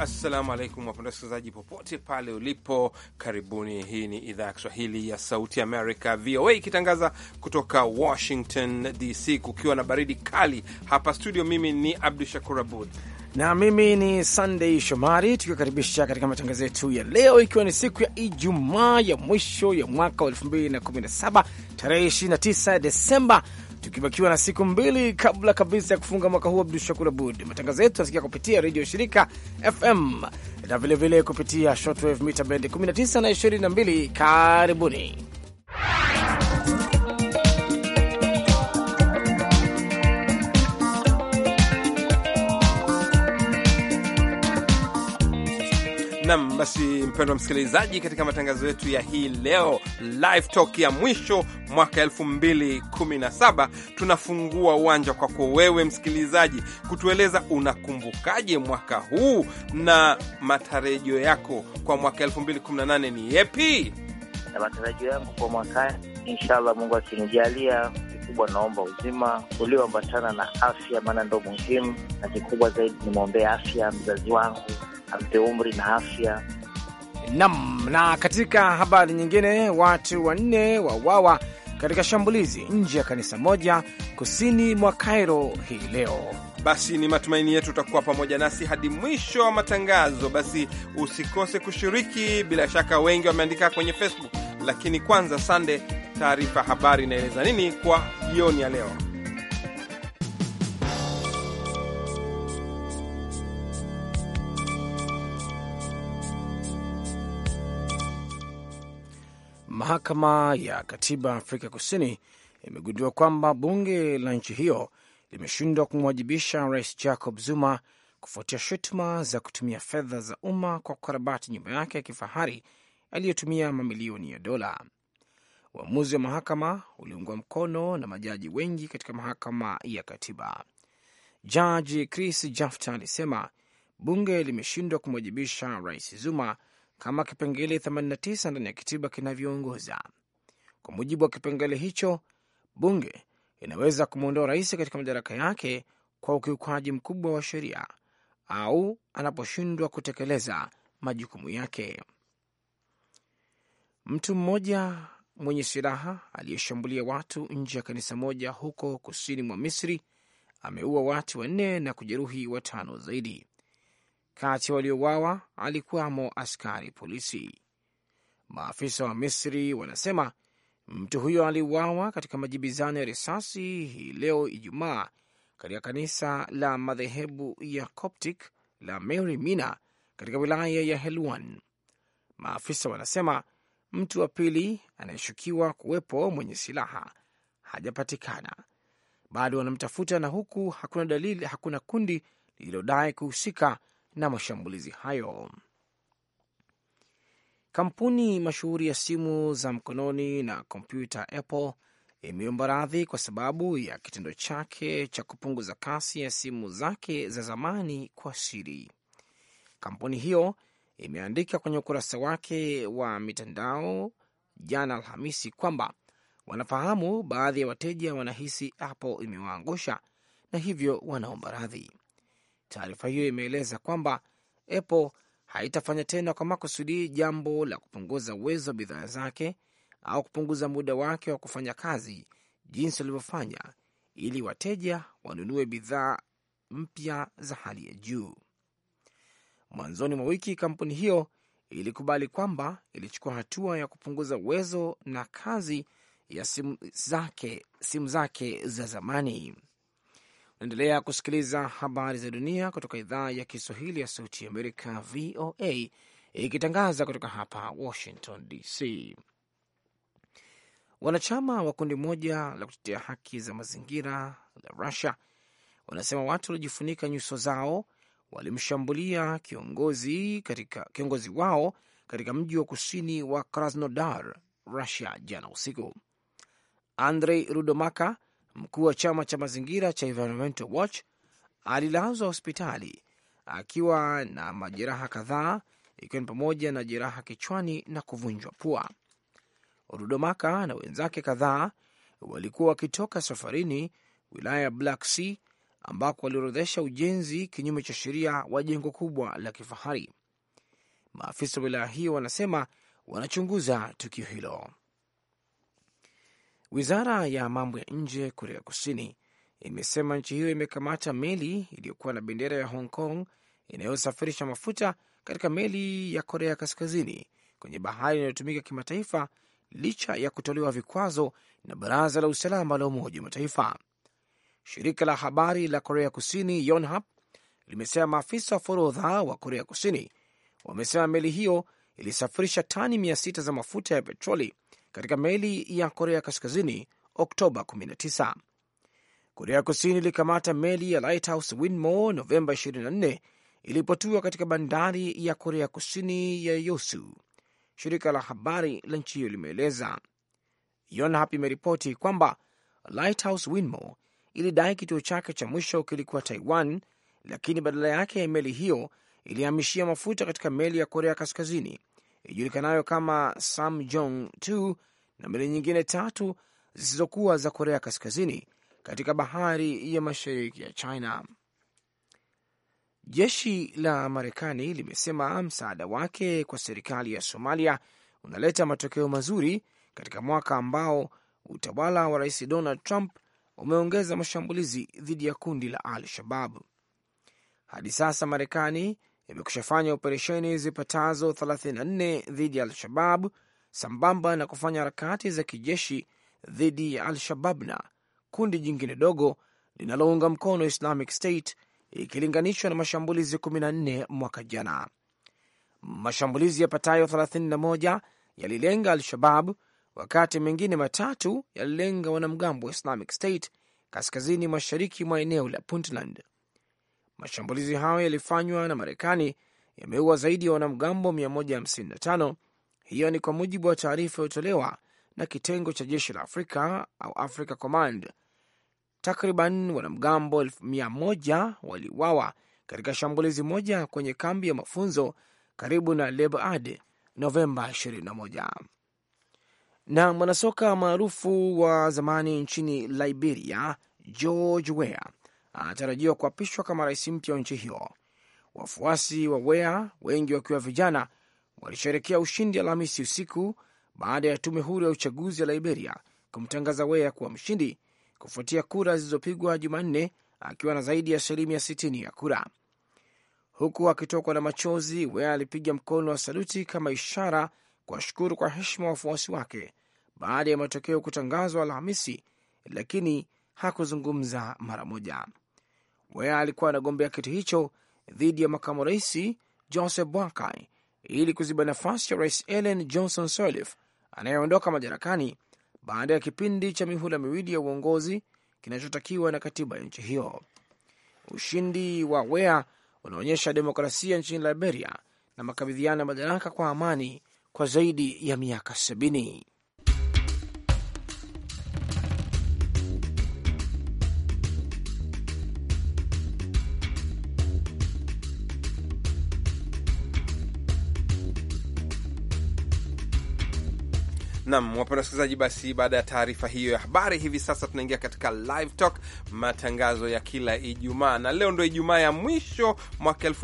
Assalamu alaikum wapenda wasikilizaji popote pale ulipo, karibuni. Hii ni idhaa ya Kiswahili ya Sauti Amerika, VOA, ikitangaza kutoka Washington DC, kukiwa na baridi kali hapa studio. Mimi ni Abdu Shakur Abud na mimi ni Sunday Shomari, tukiwakaribisha katika matangazo yetu ya leo, ikiwa ni siku ya Ijumaa ya mwisho ya mwaka wa 2017 tarehe 29 Desemba tukibakiwa na siku mbili kabla kabisa ya kufunga mwaka huu. Abdu Shakur Abud, matangazo yetu yanasikia kupitia redio shirika FM na vilevile kupitia shortwave mita bendi 19 na 22. Karibuni. Nam basi, mpendwa msikilizaji, katika matangazo yetu ya hii leo Live Talk ya mwisho mwaka 2017 tunafungua uwanja kwako wewe msikilizaji kutueleza unakumbukaje mwaka huu na matarajio yako kwa mwaka 2018 ni yepi? Na matarajio yangu kwa mwaka, inshallah Mungu akinijalia kubwa naomba uzima ulioambatana na afya, maana ndo muhimu, na kikubwa zaidi nimwombee afya mzazi wangu ampe umri na afya. Nam. Na katika habari nyingine, watu wanne wauawa katika shambulizi nje ya kanisa moja kusini mwa Cairo hii leo. Basi ni matumaini yetu utakuwa pamoja nasi hadi mwisho wa matangazo. Basi usikose kushiriki, bila shaka wengi wameandika kwenye Facebook. Lakini kwanza, Sande, taarifa habari inaeleza nini kwa jioni ya leo? Mahakama ya Katiba Afrika Kusini imegundua kwamba bunge la nchi hiyo limeshindwa kumwajibisha Rais Jacob Zuma kufuatia shutuma za kutumia fedha za umma kwa kukarabati nyumba yake ya kifahari aliyotumia mamilioni ya dola. Uamuzi wa mahakama uliungwa mkono na majaji wengi katika mahakama ya katiba. Jaji Chris Jafta alisema bunge limeshindwa kumwajibisha Rais Zuma kama kipengele 89 ndani ya katiba kinavyoongoza. Kwa mujibu wa kipengele hicho, bunge inaweza kumwondoa rais katika madaraka yake kwa ukiukaji mkubwa wa sheria au anaposhindwa kutekeleza majukumu yake. Mtu mmoja mwenye silaha aliyeshambulia watu nje ya kanisa moja huko kusini mwa Misri ameua watu wanne na kujeruhi watano zaidi. Kati ya waliouawa alikuwamo askari polisi. Maafisa wa Misri wanasema mtu huyo aliuawa katika majibizano ya risasi hii leo Ijumaa katika kanisa la madhehebu ya Coptic la Mary Mina katika wilaya ya Helwan. Maafisa wanasema mtu wa pili anayeshukiwa kuwepo mwenye silaha hajapatikana, bado wanamtafuta, na huku hakuna dalili, hakuna kundi lililodai kuhusika na mashambulizi hayo. Kampuni mashuhuri ya simu za mkononi na kompyuta Apple imeomba radhi kwa sababu ya kitendo chake cha kupunguza kasi ya simu zake za zamani kwa siri. Kampuni hiyo imeandika kwenye ukurasa wake wa mitandao jana Alhamisi kwamba wanafahamu baadhi ya wateja wanahisi Apple imewaangusha na hivyo wanaomba radhi. Taarifa hiyo imeeleza kwamba Apple haitafanya tena kwa makusudi jambo la kupunguza uwezo wa bidhaa zake au kupunguza muda wake wa kufanya kazi jinsi walivyofanya ili wateja wanunue bidhaa mpya za hali ya juu. Mwanzoni mwa wiki kampuni hiyo ilikubali kwamba ilichukua hatua ya kupunguza uwezo na kazi ya simu zake, simu zake za zamani naendelea kusikiliza habari za dunia kutoka idhaa ya Kiswahili ya Sauti ya Amerika, VOA, ikitangaza kutoka hapa Washington DC. Wanachama wa kundi moja la kutetea haki za mazingira la Russia wanasema watu waliojifunika nyuso zao walimshambulia kiongozi, katika, kiongozi wao katika mji wa kusini wa Krasnodar, Russia, jana usiku. Andrei Rudomaka Mkuu wa chama cha mazingira cha Environmental Watch alilazwa hospitali akiwa na majeraha kadhaa, ikiwa ni pamoja na jeraha kichwani na kuvunjwa pua. Rudomaka na wenzake kadhaa walikuwa wakitoka safarini wilaya ya Black Sea ambako waliorodhesha ujenzi kinyume cha sheria wa jengo kubwa la kifahari. Maafisa wa wilaya hiyo wanasema wanachunguza tukio hilo. Wizara ya mambo ya nje Korea Kusini imesema nchi hiyo imekamata meli iliyokuwa na bendera ya Hong Kong inayosafirisha mafuta katika meli ya Korea Kaskazini kwenye bahari inayotumika kimataifa licha ya kutolewa vikwazo na Baraza la Usalama la Umoja wa Mataifa. Shirika la habari la Korea Kusini Yonhap limesema maafisa wa forodha wa Korea Kusini wamesema meli hiyo ilisafirisha tani mia sita za mafuta ya petroli katika meli ya Korea Kaskazini Oktoba 19. Korea Kusini ilikamata meli ya Lighthouse Winmo Novemba 24 ilipotua katika bandari ya Korea Kusini ya yosu shirika la habari la nchi hiyo limeeleza. Yonhap imeripoti kwamba Lighthouse Winmo ilidai kituo chake cha mwisho kilikuwa Taiwan, lakini badala yake meli hiyo ilihamishia mafuta katika meli ya Korea Kaskazini ijulikanayo kama Samjong 2 na meli nyingine tatu zisizokuwa za Korea Kaskazini katika bahari ya mashariki ya China. Jeshi la Marekani limesema msaada wake kwa serikali ya Somalia unaleta matokeo mazuri katika mwaka ambao utawala wa Rais Donald Trump umeongeza mashambulizi dhidi ya kundi la Al Shabab. Hadi sasa Marekani imekushafanya operesheni zipatazo 34 dhidi ya Al-Shabab sambamba na kufanya harakati za kijeshi dhidi ya Al-Shababna, kundi jingine dogo linalounga mkono Islamic State, ikilinganishwa na mashambulizi 14 mwaka jana. Mashambulizi yapatayo 31 yalilenga Al-Shabab, wakati mengine matatu yalilenga wanamgambo wa Islamic State kaskazini mashariki mwa eneo la Puntland. Mashambulizi hayo yalifanywa na Marekani yameua zaidi ya wanamgambo 155. Hiyo ni kwa mujibu wa taarifa iliyotolewa na kitengo cha jeshi la Afrika au Africa Command. Takriban wanamgambo 100 waliuawa katika shambulizi moja kwenye kambi ya mafunzo karibu na lebad Novemba 21. Na mwanasoka maarufu wa zamani nchini Liberia George Weah anatarajiwa kuapishwa kama rais mpya wa nchi hiyo. Wafuasi wa Wea, wengi wakiwa vijana, walisherekea ushindi Alhamisi usiku baada ya tume huru ya uchaguzi ya Liberia kumtangaza Wea kuwa mshindi kufuatia kura zilizopigwa Jumanne akiwa na zaidi ya asilimia 60 ya kura. Huku akitokwa na machozi, Wea alipiga mkono wa saluti kama ishara kuwashukuru kwa heshima wafuasi wake baada ya matokeo kutangazwa Alhamisi, lakini hakuzungumza mara moja. wea alikuwa anagombea kiti hicho dhidi ya makamu rais Joseph Boakai ili kuziba nafasi ya rais Ellen Johnson Sirleaf anayeondoka madarakani baada ya kipindi cha mihula miwili ya uongozi kinachotakiwa na katiba ya nchi hiyo. Ushindi wa wea unaonyesha demokrasia nchini Liberia na makabidhiano ya madaraka kwa amani kwa zaidi ya miaka sabini. Nam wapenda wasikilizaji, basi baada ya taarifa hiyo ya habari, hivi sasa tunaingia katika live talk, matangazo ya kila Ijumaa, na leo ndo Ijumaa ya mwisho mwaka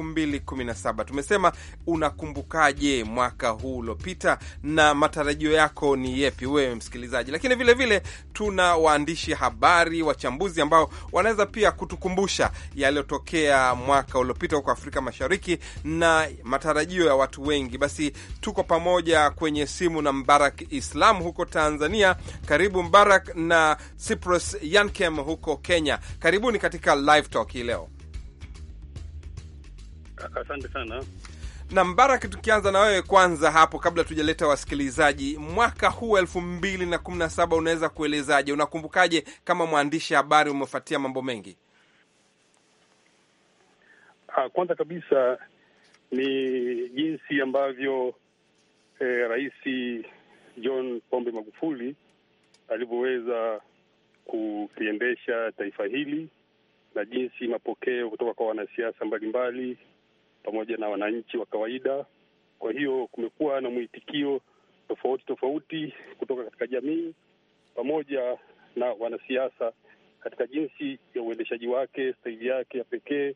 saba. Tumesema unakumbukaje mwaka huu uliopita na matarajio yako ni yepi wewe msikilizaji? Lakini vilevile vile, tuna waandishi habari, wachambuzi ambao wanaweza pia kutukumbusha yaliyotokea mwaka uliopita huko Afrika Mashariki na matarajio ya watu wengi. Basi tuko pamoja kwenye simu na Mbarak Isa Waislamu huko Tanzania. Karibu Mbarak na Cyprus Yankem huko Kenya. Karibuni katika Live Talk hii leo. Asante sana na Mbarak, tukianza na wewe kwanza hapo kabla tujaleta wasikilizaji, mwaka huu elfu mbili na kumi na saba unaweza kuelezaje? Unakumbukaje kama mwandishi habari, umefuatia mambo mengi? Ah, kwanza kabisa ni jinsi ambavyo eh, Rais John Pombe Magufuli alivyoweza kuliendesha taifa hili na jinsi mapokeo kutoka kwa wanasiasa mbalimbali pamoja na wananchi wa kawaida. Kwa hiyo kumekuwa na mwitikio tofauti tofauti kutoka katika jamii pamoja na wanasiasa katika jinsi ya uendeshaji wake, staili yake ya pekee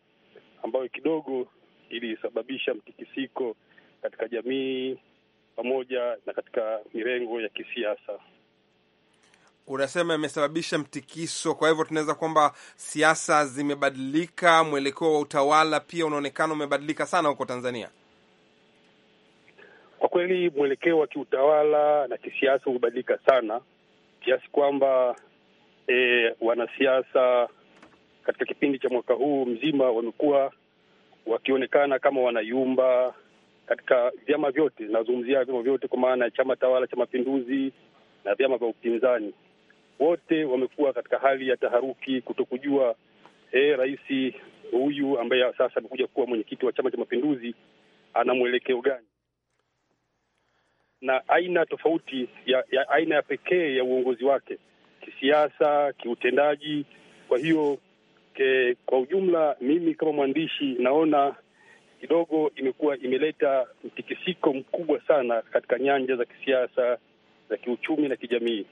ambayo kidogo ilisababisha mtikisiko katika jamii pamoja na katika mirengo ya kisiasa. Unasema imesababisha mtikiso. Kwa hivyo tunaweza kwamba siasa zimebadilika, mwelekeo wa utawala pia unaonekana umebadilika sana huko Tanzania. Kwa kweli mwelekeo wa kiutawala na kisiasa umebadilika sana kiasi kwamba e, wanasiasa katika kipindi cha mwaka huu mzima wamekuwa wakionekana kama wanayumba katika vyama vyote, nazungumzia vyama vyote kwa maana ya chama tawala cha Mapinduzi na vyama vya upinzani, wote wamekuwa katika hali ya taharuki, kutokujua e, rais huyu ambaye sasa amekuja kuwa mwenyekiti wa chama cha Mapinduzi ana mwelekeo gani, na aina tofauti ya, ya aina ya pekee ya uongozi wake kisiasa, kiutendaji. Kwa hiyo ke, kwa ujumla mimi kama mwandishi naona kidogo imekuwa imeleta mtikisiko mkubwa sana katika nyanja za kisiasa, za kiuchumi na kijamii.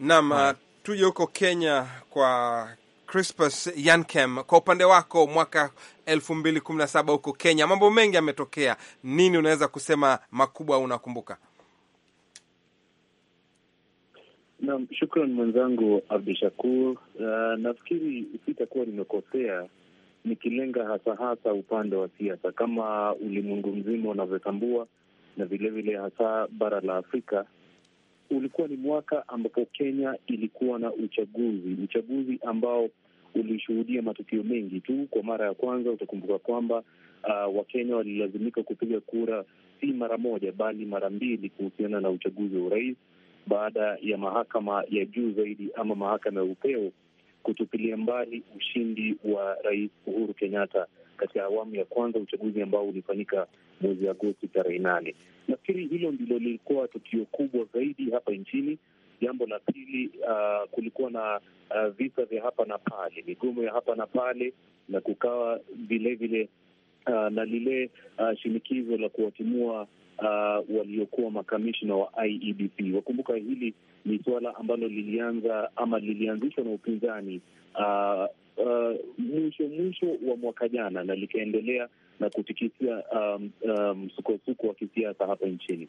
Naam, hmm. Tuje huko Kenya kwa Crispus Yankem, kwa upande wako, mwaka elfu mbili kumi na saba huko Kenya mambo mengi yametokea. Nini unaweza kusema makubwa unakumbuka? Naam, shukran mwenzangu Abdu Shakur. Uh, nafikiri sitakuwa nimekosea nikilenga hasa hasa upande wa siasa kama ulimwengu mzima unavyotambua, na vilevile hasa bara la Afrika. Ulikuwa ni mwaka ambapo Kenya ilikuwa na uchaguzi, uchaguzi ambao ulishuhudia matukio mengi tu. Kwa mara ya kwanza utakumbuka kwamba uh, Wakenya walilazimika kupiga kura si mara moja, bali mara mbili kuhusiana na uchaguzi wa urais, baada ya mahakama ya juu zaidi ama mahakama ya upeo kutupilia mbali ushindi wa Rais Uhuru Kenyatta katika awamu ya kwanza, uchaguzi ambao ulifanyika mwezi Agosti tarehe nane. Nafikiri hilo ndilo lilikuwa tukio kubwa zaidi hapa nchini. Jambo la pili, uh, kulikuwa na uh, visa vya hapa na pale, migomo ya hapa na pale, na kukawa vilevile uh, ah, na lile uh, shinikizo la kuwatimua uh, waliokuwa makamishna wa IEBC. Wakumbuka hili ni suala ambalo lilianza ama lilianzishwa na upinzani uh, uh, mwisho mwisho wa mwaka jana na likaendelea na kutikisia msukosuko um, um, wa kisiasa hapa nchini.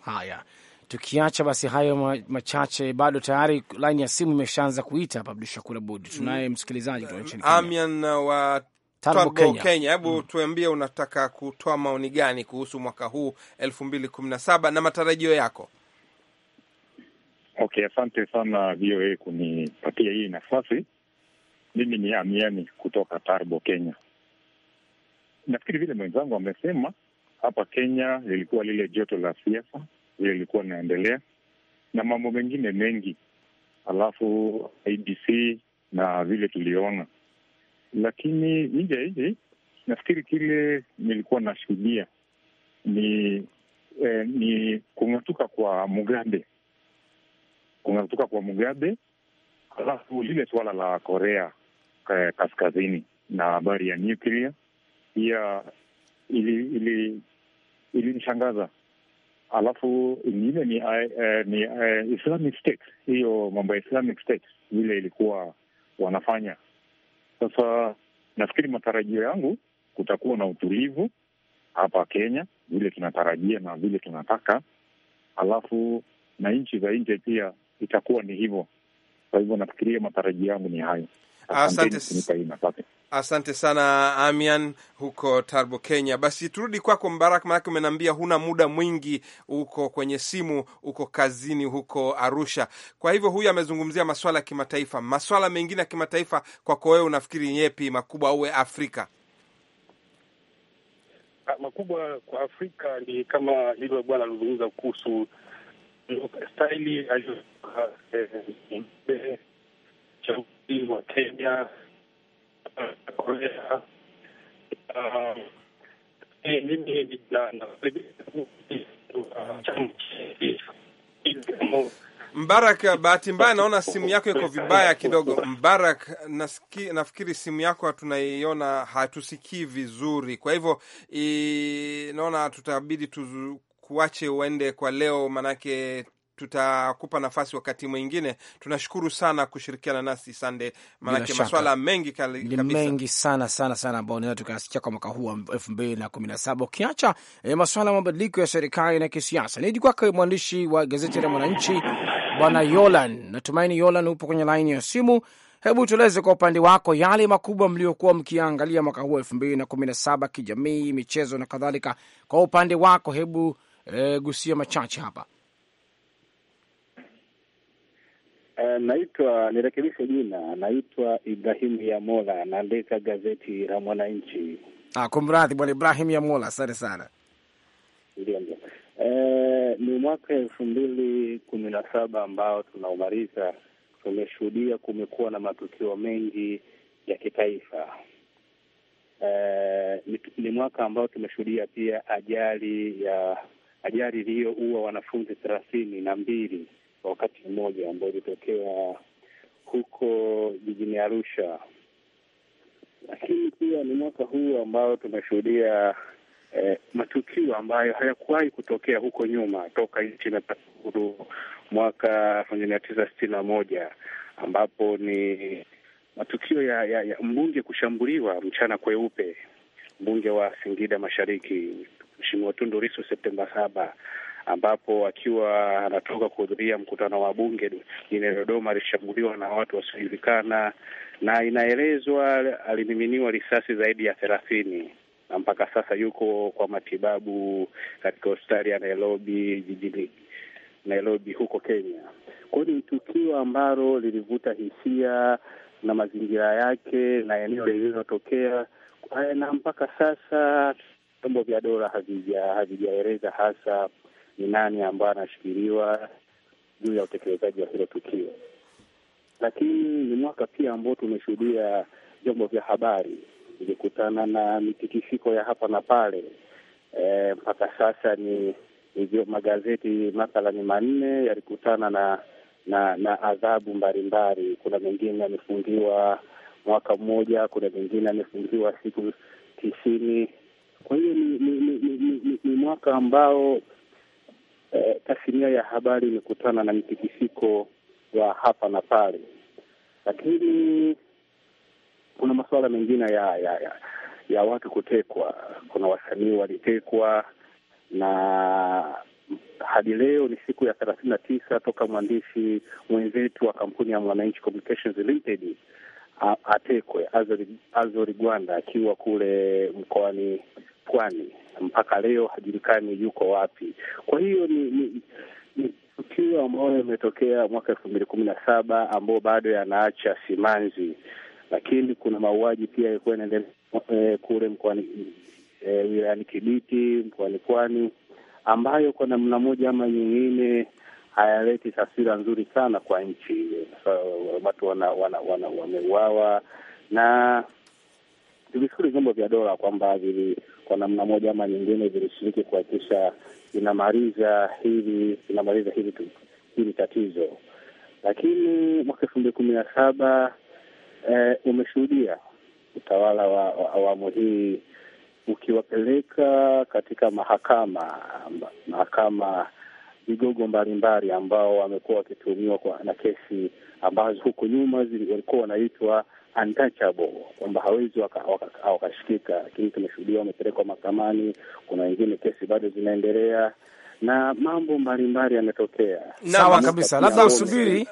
Haya, tukiacha basi hayo machache, bado tayari laini ya simu imeshaanza kuita hapa. Abdu Shakur Abud, tunaye msikilizaji kutoka nchini Amian wa Tarbo, Kenya. Hebu mm, tuambie unataka kutoa maoni gani kuhusu mwaka huu elfu mbili kumi na saba na matarajio yako? Okay, asante sana VOA kunipatia hii nafasi. Mimi ni Amiani kutoka Tarbo, Kenya. Nafikiri vile mwenzangu amesema, hapa Kenya lilikuwa lile joto la siasa vile lilikuwa linaendelea na mambo mengine mengi, alafu IBC na vile tuliona, lakini nje ya nafikiri kile nilikuwa nashuhudia ni eh, ni kung'atuka kwa Mugabe kutoka kwa Mugabe. alafu lile suala la Korea eh, Kaskazini na habari ya nuklia pia ilimshangaza ili, ili alafu ingine ni, uh, ni uh, Islamic State, hiyo mambo ya Islamic State vile ilikuwa wanafanya. Sasa nafikiri matarajio yangu kutakuwa na utulivu hapa Kenya vile tunatarajia na vile tunataka, alafu na nchi za nje pia itakuwa ni hivyo. Kwa hivyo nafikiria matarajio yangu ni hayo. Asante, asante sana Amian huko Tarbo, Kenya. Basi turudi kwako Mbarak, manake umeniambia huna muda mwingi, uko kwenye simu, uko kazini huko Arusha. Kwa hivyo huyu amezungumzia maswala ya kimataifa. Maswala mengine ya kimataifa kwako wewe, unafikiri yepi makubwa uwe Afrika? Ah, makubwa kwa Afrika ni kama hilo bwana alizungumza kuhusu staili e, aliyotoka wa Kenya, Korea. Mimi Mbarak, bahati mbaya naona simu yako iko vibaya kidogo. Mbarak, nasiki, nafikiri simu yako hatunaiona, hatusikii vizuri, kwa hivyo naona tutabidi tuzu nikuache uende kwa leo, manake tutakupa nafasi wakati mwingine. Tunashukuru sana kushirikiana nasi Sande, manake maswala mengi ni mengi sana sana sana ambao unaweza tukayasikia kwa mwaka huu wa elfu mbili na kumi na saba ukiacha e, maswala ya mabadiliko ya serikali na kisiasa. Nirudi kwake mwandishi wa gazeti la Mwananchi Bwana Yolan. Natumaini Yolan upo kwenye laini ya simu. Hebu tueleze kwa upande wako yale makubwa mliokuwa mkiangalia mwaka huu elfu mbili na kumi na saba, kijamii, michezo na kadhalika. Kwa upande wako hebu e, gusia machache hapa. Uh, naitwa nirekebishe jina, naitwa Ibrahimu Yamola, naandika gazeti la Mwananchi. Ah, kumradhi bwana Ibrahim Yamola, asante sana. Ndio, ndio. Uh, ni mwaka elfu mbili kumi na saba ambao tunaumaliza. Tumeshuhudia kumekuwa na matukio mengi ya kitaifa. Uh, ni, ni mwaka ambao tumeshuhudia pia ajali ya ajali iliyoua wanafunzi thelathini na mbili kwa wakati mmoja ambayo ilitokea huko jijini Arusha. Lakini pia ni mwaka huu ambao tumeshuhudia eh, matukio ambayo hayakuwahi kutokea huko nyuma toka nchi imepata uhuru mwaka elfu moja mia tisa sitini na moja ambapo ni matukio ya, ya, ya mbunge kushambuliwa mchana kweupe, mbunge wa Singida Mashariki Mheshimiwa Tundu Lissu Septemba saba ambapo akiwa anatoka kuhudhuria mkutano wa bunge jijini Dodoma alishambuliwa na watu wasiojulikana, na inaelezwa alimiminiwa risasi zaidi ya thelathini na mpaka sasa yuko kwa matibabu katika hospitali ya Nairobi, jijini Nairobi huko Kenya. Kwa hiyo ni tukio ambalo lilivuta hisia na mazingira yake na eneo lililotokea, na mpaka sasa vyombo vya dola havijaeleza hasa ni nani ambaye anashikiliwa juu ya utekelezaji wa hilo tukio, lakini ni mwaka pia ambao tumeshuhudia vyombo vya habari vikikutana na mitikisiko ya hapa na pale. E, mpaka sasa ni hivyo magazeti mathalani manne yalikutana na na na adhabu mbalimbali. Kuna mengine amefungiwa mwaka mmoja, kuna mengine amefungiwa siku tisini. Kwa hiyo ni, ni, ni, ni, ni, ni mwaka ambao eh, tasnia ya habari imekutana na mtikisiko wa hapa na pale, lakini kuna masuala mengine ya ya, ya ya watu kutekwa. Kuna wasanii walitekwa, na hadi leo ni siku ya thelathini na tisa toka mwandishi mwenzetu wa kampuni ya Mwananchi Communications Limited Atekwe Azori, Azori Gwanda akiwa kule mkoani Pwani, mpaka leo hajulikani yuko wapi. Kwa hiyo ni, ni, ni tukio ambayo imetokea mwaka elfu mbili kumi na saba ambao bado yanaacha simanzi, lakini kuna mauaji pia yalikuwa yanaendelea eh, kule mkoani eh, wilayani Kibiti mkoani Pwani ambayo kwa namna moja ama nyingine hayaleti taswira nzuri sana kwa nchi. So, watu wameuawa wana, wana, na tulishukuru vyombo vya dola kwamba vili kwa namna moja ama nyingine vilishiriki kuhakikisha vinamaliza hili vinamaliza hili hili tatizo, lakini mwaka elfu mbili kumi na saba eh, umeshuhudia utawala wa awamu hii ukiwapeleka katika mahakama mahakama vigogo mbalimbali ambao wamekuwa wakituhumiwa na kesi ambazo huko nyuma walikuwa wanaitwa untouchable kwamba hawezi wakashikika, lakini tumeshuhudia wamepelekwa mahakamani. Kuna wengine kesi bado zinaendelea na mambo mbalimbali yametokea. Sawa kabisa, labda usubiri,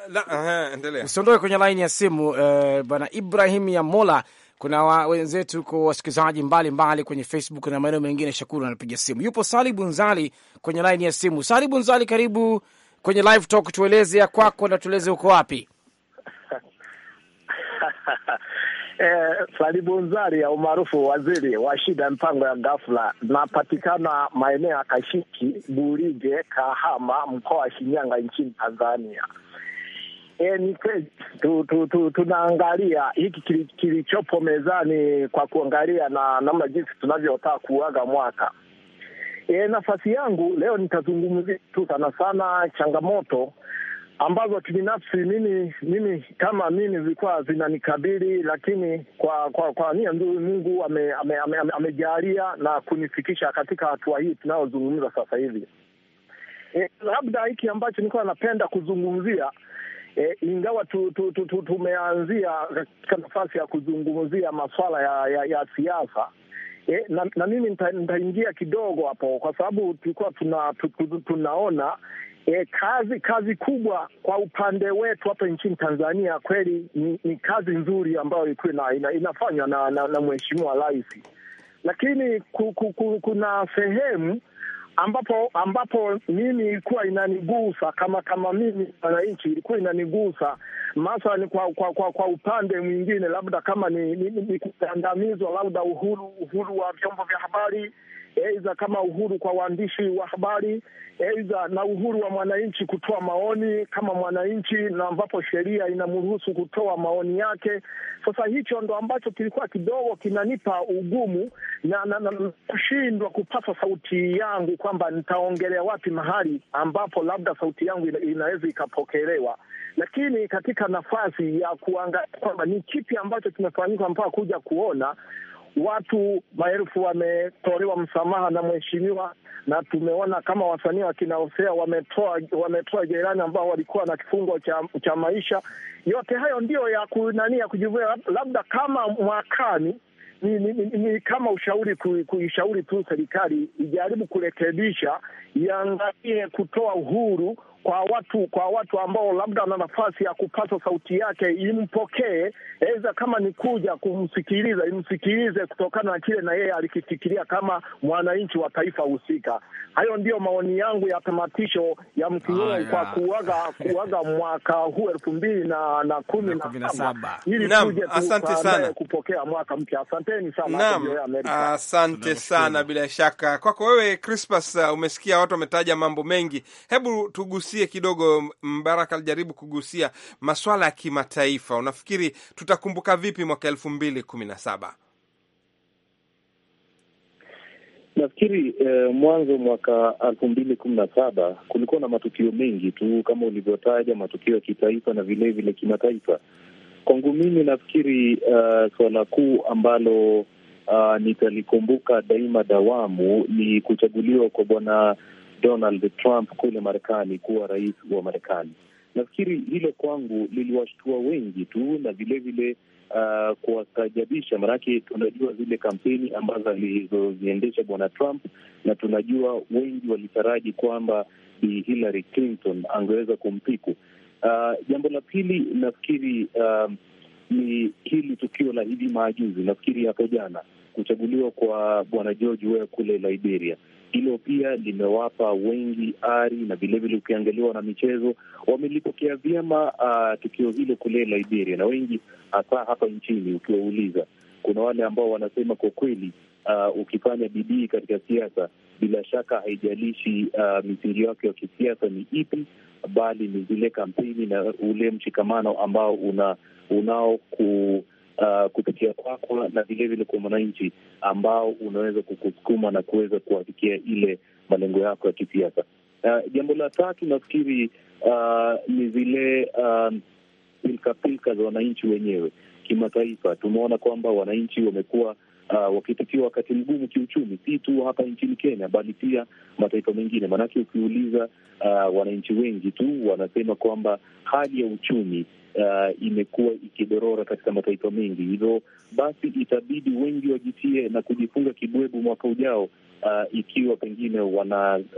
usiondoke kwenye laini ya simu. Uh, bwana Ibrahim yamola kuna wenzetu huko wasikilizaji mbalimbali kwenye Facebook na maeneo mengine. Shakuru anapiga simu, yupo Sali Bunzali kwenye laini ya simu. Sali Bunzali, karibu kwenye live talk, tueleze ya kwako na tueleze uko wapi? Eh, Bunzali ya umaarufu waziri wa shida mpango ya ghafla, napatikana maeneo ya Kashiki, Burige, Kahama, mkoa wa Shinyanga nchini Tanzania. E, ni kweli tu, tu, tunaangalia hiki kilichopo mezani kwa kuangalia na namna jinsi tunavyotaka kuaga mwaka. E, nafasi yangu leo nitazungumzia tu sana sana changamoto ambazo kibinafsi mimi mimi kama mimi zilikuwa zinanikabili, lakini kwa kwa kwa nia nzuri Mungu amejalia ame, ame, ame na kunifikisha katika hatua hii tunayozungumza sasa hivi. E, labda hiki ambacho nilikuwa napenda kuzungumzia E, ingawa tu, tu, tu, tu, tumeanzia katika nafasi ya kuzungumzia masuala ya, ya, ya siasa e, na, na mimi nitaingia kidogo hapo kwa sababu tulikuwa tuna, tu, tu, tunaona e, kazi kazi kubwa kwa upande wetu hapa nchini Tanzania kweli ni, ni kazi nzuri ambayo ilikuwa ina, inafanywa na, na, na Mheshimiwa Rais, lakini ku, ku, ku, kuna sehemu ambapo ambapo mimi ilikuwa inanigusa kama kama mimi wananchi, ilikuwa inanigusa mathalani kwa, kwa, kwa, kwa upande mwingine, labda kama ni, ni, ni kukandamizwa labda uhuru uhuru wa vyombo vya habari aidha kama uhuru kwa waandishi wa habari, aidha na uhuru wa mwananchi kutoa maoni kama mwananchi, na ambapo sheria inamruhusu kutoa maoni yake. Sasa hicho ndo ambacho kilikuwa kidogo kinanipa ugumu na, na, na kushindwa kupasa sauti yangu kwamba nitaongelea wapi mahali ambapo labda sauti yangu ina, inaweza ikapokelewa, lakini katika nafasi ya kuangalia kwamba ni kipi ambacho kimefanyika mpaka kuja kuona watu maelfu wametolewa msamaha na mheshimiwa, na tumeona kama wasanii wakina Hosea wametoa wametoa jerani ambao walikuwa na kifungo cha, cha maisha. Yote hayo ndiyo ya kunani ya kujivua, labda kama mwakani ni, ni, ni, ni kama ushauri kuishauri tu serikali ijaribu kurekebisha, iangalie kutoa uhuru kwa watu kwa watu ambao labda ana nafasi ya kupata sauti yake impokee, eza kama ni kuja kumsikiliza, imsikilize kutokana na kile na yeye alikifikiria kama mwananchi wa taifa husika. Hayo ndiyo maoni yangu ya tamatisho ya mkinyuo kwa kuaga kuaga mwaka huu elfu mbili na, na kumi na saba ili tuje kupokea mwaka mpya. Asanteni sana. Asante sana, bila shaka kwako wewe Crispas. Uh, umesikia watu wametaja mambo mengi, hebu tugusie tugusie kidogo, Mbaraka alijaribu kugusia maswala ya kimataifa. Unafikiri tutakumbuka vipi mwaka elfu mbili kumi na saba? Nafikiri eh, mwanzo mwaka elfu mbili kumi na saba kulikuwa na matukio mengi tu kama ulivyotaja, matukio ya kitaifa na vilevile kimataifa. Kwangu mimi nafikiri uh, eh, suala kuu ambalo uh, nitalikumbuka daima dawamu ni kuchaguliwa kwa Bwana Donald Trump kule Marekani kuwa rais wa Marekani. Nafikiri hilo kwangu liliwashtua wengi tu na vilevile uh, kuwastajabisha, maanake tunajua zile kampeni ambazo alizoziendesha bwana Trump, na tunajua wengi walitaraji kwamba bi Hillary Clinton angeweza kumpiku. Uh, jambo la pili nafikiri uh, ni hili tukio la hivi majuzi, nafikiri hapo jana, kuchaguliwa kwa bwana George Weah kule Liberia. Hilo pia limewapa wengi ari, na vilevile ukiangaliwa na michezo wamelipokea vyema uh, tukio hilo kule Liberia, na wengi hasa hapa nchini ukiwauliza, kuna wale ambao wanasema kwa kweli Uh, ukifanya bidii katika siasa bila shaka haijalishi uh, misingi yake ya kisiasa ni ipi, bali ni zile kampeni na ule mshikamano ambao una, unao ku, uh, kupitia kwakwa na vilevile kwa mwananchi ambao unaweza kukusukuma na kuweza kuwafikia ile malengo yako ya kisiasa. Uh, jambo la tatu nafikiri uh, ni zile uh, za wananchi wenyewe kimataifa. Tumeona kwamba wananchi wamekuwa uh, wakipitia wakati mgumu kiuchumi, si tu hapa nchini Kenya bali pia mataifa mengine. Maanake ukiuliza uh, wananchi wengi tu wanasema kwamba hali ya uchumi uh, imekuwa ikidorora katika mataifa mengi, hivyo basi itabidi wengi wajitie na kujifunga kibwebu mwaka ujao, uh, ikiwa pengine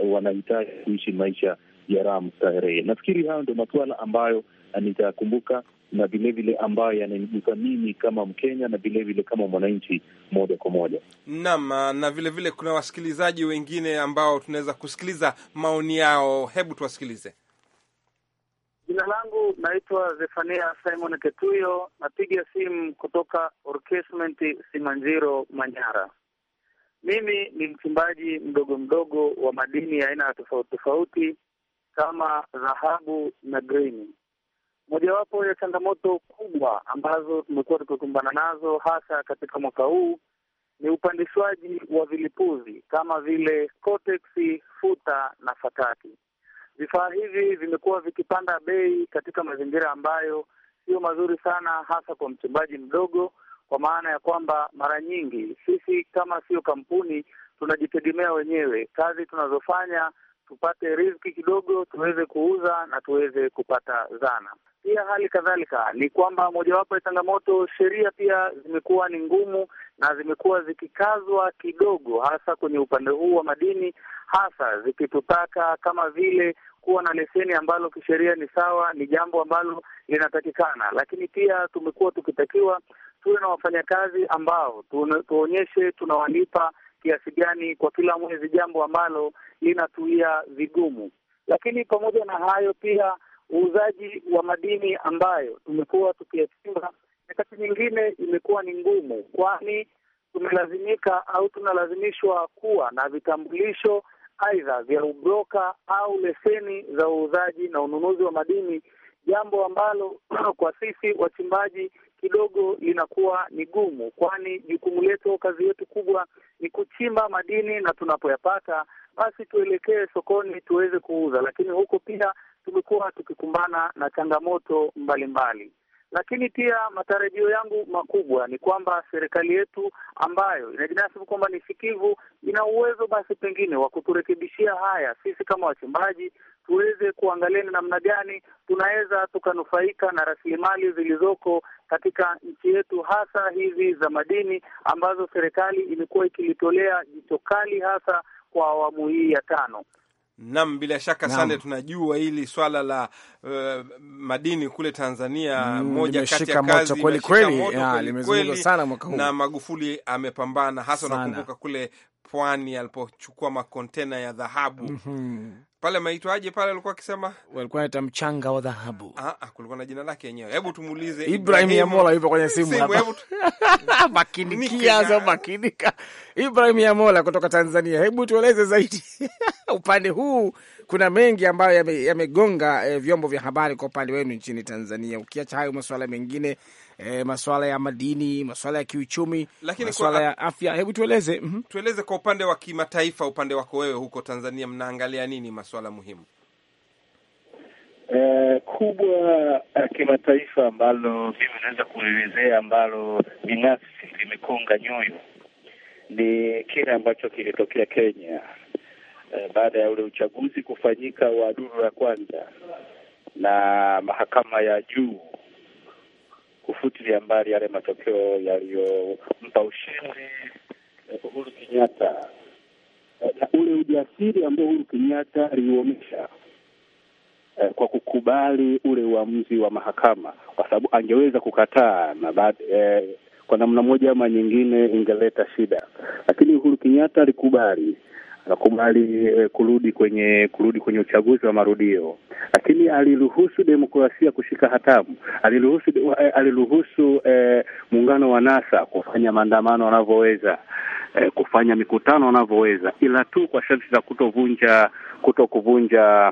wanahitaji wana kuishi maisha ya raha starehe. Nafikiri hayo ndio masuala ambayo uh, nitakumbuka na vilevile ambayo yananigusa mimi kama Mkenya na vilevile kama mwananchi moja kwa moja. Naam, ah, na vilevile vile kuna wasikilizaji wengine ambao tunaweza kusikiliza maoni yao. Hebu tuwasikilize. Jina langu naitwa Zefania Simon Ketuyo, napiga simu kutoka Orkesment Simanjiro, Manyara. Mimi ni mchimbaji mdogo mdogo wa madini ya aina tofauti tofauti kama dhahabu na green. Mojawapo ya changamoto kubwa ambazo tumekuwa tukikumbana nazo hasa katika mwaka huu ni upandishwaji wa vilipuzi kama vile Kotex, futa na fataki. Vifaa hivi vimekuwa vikipanda bei katika mazingira ambayo sio mazuri sana, hasa kwa mchimbaji mdogo, kwa maana ya kwamba mara nyingi sisi kama sio kampuni tunajitegemea wenyewe. Kazi tunazofanya tupate riziki kidogo, tuweze kuuza na tuweze kupata zana. Pia hali kadhalika ni kwamba mojawapo ya changamoto, sheria pia zimekuwa ni ngumu na zimekuwa zikikazwa kidogo, hasa kwenye upande huu wa madini, hasa zikitutaka kama vile kuwa na leseni ambalo kisheria ni sawa, ni jambo ambalo linatakikana, lakini pia tumekuwa tukitakiwa tuwe na wafanyakazi ambao tuonyeshe tunawalipa kiasi gani kwa kila mwezi, jambo ambalo linatuia vigumu. Lakini pamoja na hayo pia uuzaji wa madini ambayo tumekuwa tukiyachimba, nyakati nyingine imekuwa ni ngumu, kwani tumelazimika au tunalazimishwa kuwa na vitambulisho aidha vya ubroka au leseni za uuzaji na ununuzi wa madini, jambo ambalo kwa sisi wachimbaji kidogo linakuwa ni gumu, kwani jukumu letu, kazi yetu kubwa ni kuchimba madini, na tunapoyapata basi tuelekee sokoni tuweze kuuza. Lakini huko pia tumekuwa tukikumbana na changamoto mbalimbali, lakini pia matarajio yangu makubwa ni kwamba serikali yetu ambayo inajinasibu kwamba ni sikivu, ina uwezo basi pengine wa kuturekebishia haya sisi kama wachimbaji tuweze kuangalia ni namna gani tunaweza tukanufaika na rasilimali zilizoko katika nchi yetu, hasa hizi za madini ambazo serikali imekuwa ikilitolea jicho kali hasa kwa awamu hii ya tano. Nam, bila shaka sande, tunajua hili swala la uh, madini kule Tanzania mm, moja kati ya kazi kweli ah, kweli sana mwaka huu, na Magufuli amepambana hasa, unakumbuka kule pwani alipochukua makontena ya dhahabu mm -hmm pale maitwaje pale, alikuwa akisema walikuwa naita mchanga wa dhahabu. Ah ah, kulikuwa na jina lake yenyewe. Hebu tumuulize Ibrahim Yamola, yupo kwenye simu hapa. makinikia makinika Ibrahim Yamola kutoka Tanzania, hebu tueleze zaidi upande huu kuna mengi ambayo yamegonga ya eh, vyombo vya habari kwa upande wenu nchini Tanzania, ukiacha hayo masuala mengine eh, masuala ya madini, masuala ya kiuchumi, masuala ya afya. Hebu tueleze mm -hmm. tueleze kwa upande wa kimataifa, upande wako wewe huko Tanzania, mnaangalia nini masuala muhimu? Uh, kubwa uh, kimataifa ambalo mimi naweza kuelezea ambalo binafsi limekonga nyoyo ni kile ambacho kilitokea Kenya eh, baada ya ule uchaguzi kufanyika wa duru ya kwanza na mahakama ya juu kufutilia mbali yale matokeo yaliyompa ushindi eh, Uhuru Kenyatta eh, na ule ujasiri ambao Uhuru Kenyatta aliuonyesha eh, kwa kukubali ule uamuzi wa mahakama, kwa sababu angeweza kukataa na baad, eh, kwa namna moja ama nyingine ingeleta shida, lakini Uhuru Kenyatta alikubali akubali eh, kurudi kwenye kurudi kwenye uchaguzi wa marudio, lakini aliruhusu demokrasia kushika hatamu, aliruhusu eh, aliruhusu eh, muungano wa NASA kufanya maandamano wanavyoweza, eh, kufanya mikutano wanavyoweza, ila tu kwa sharti za kutovunja kuto kuvunja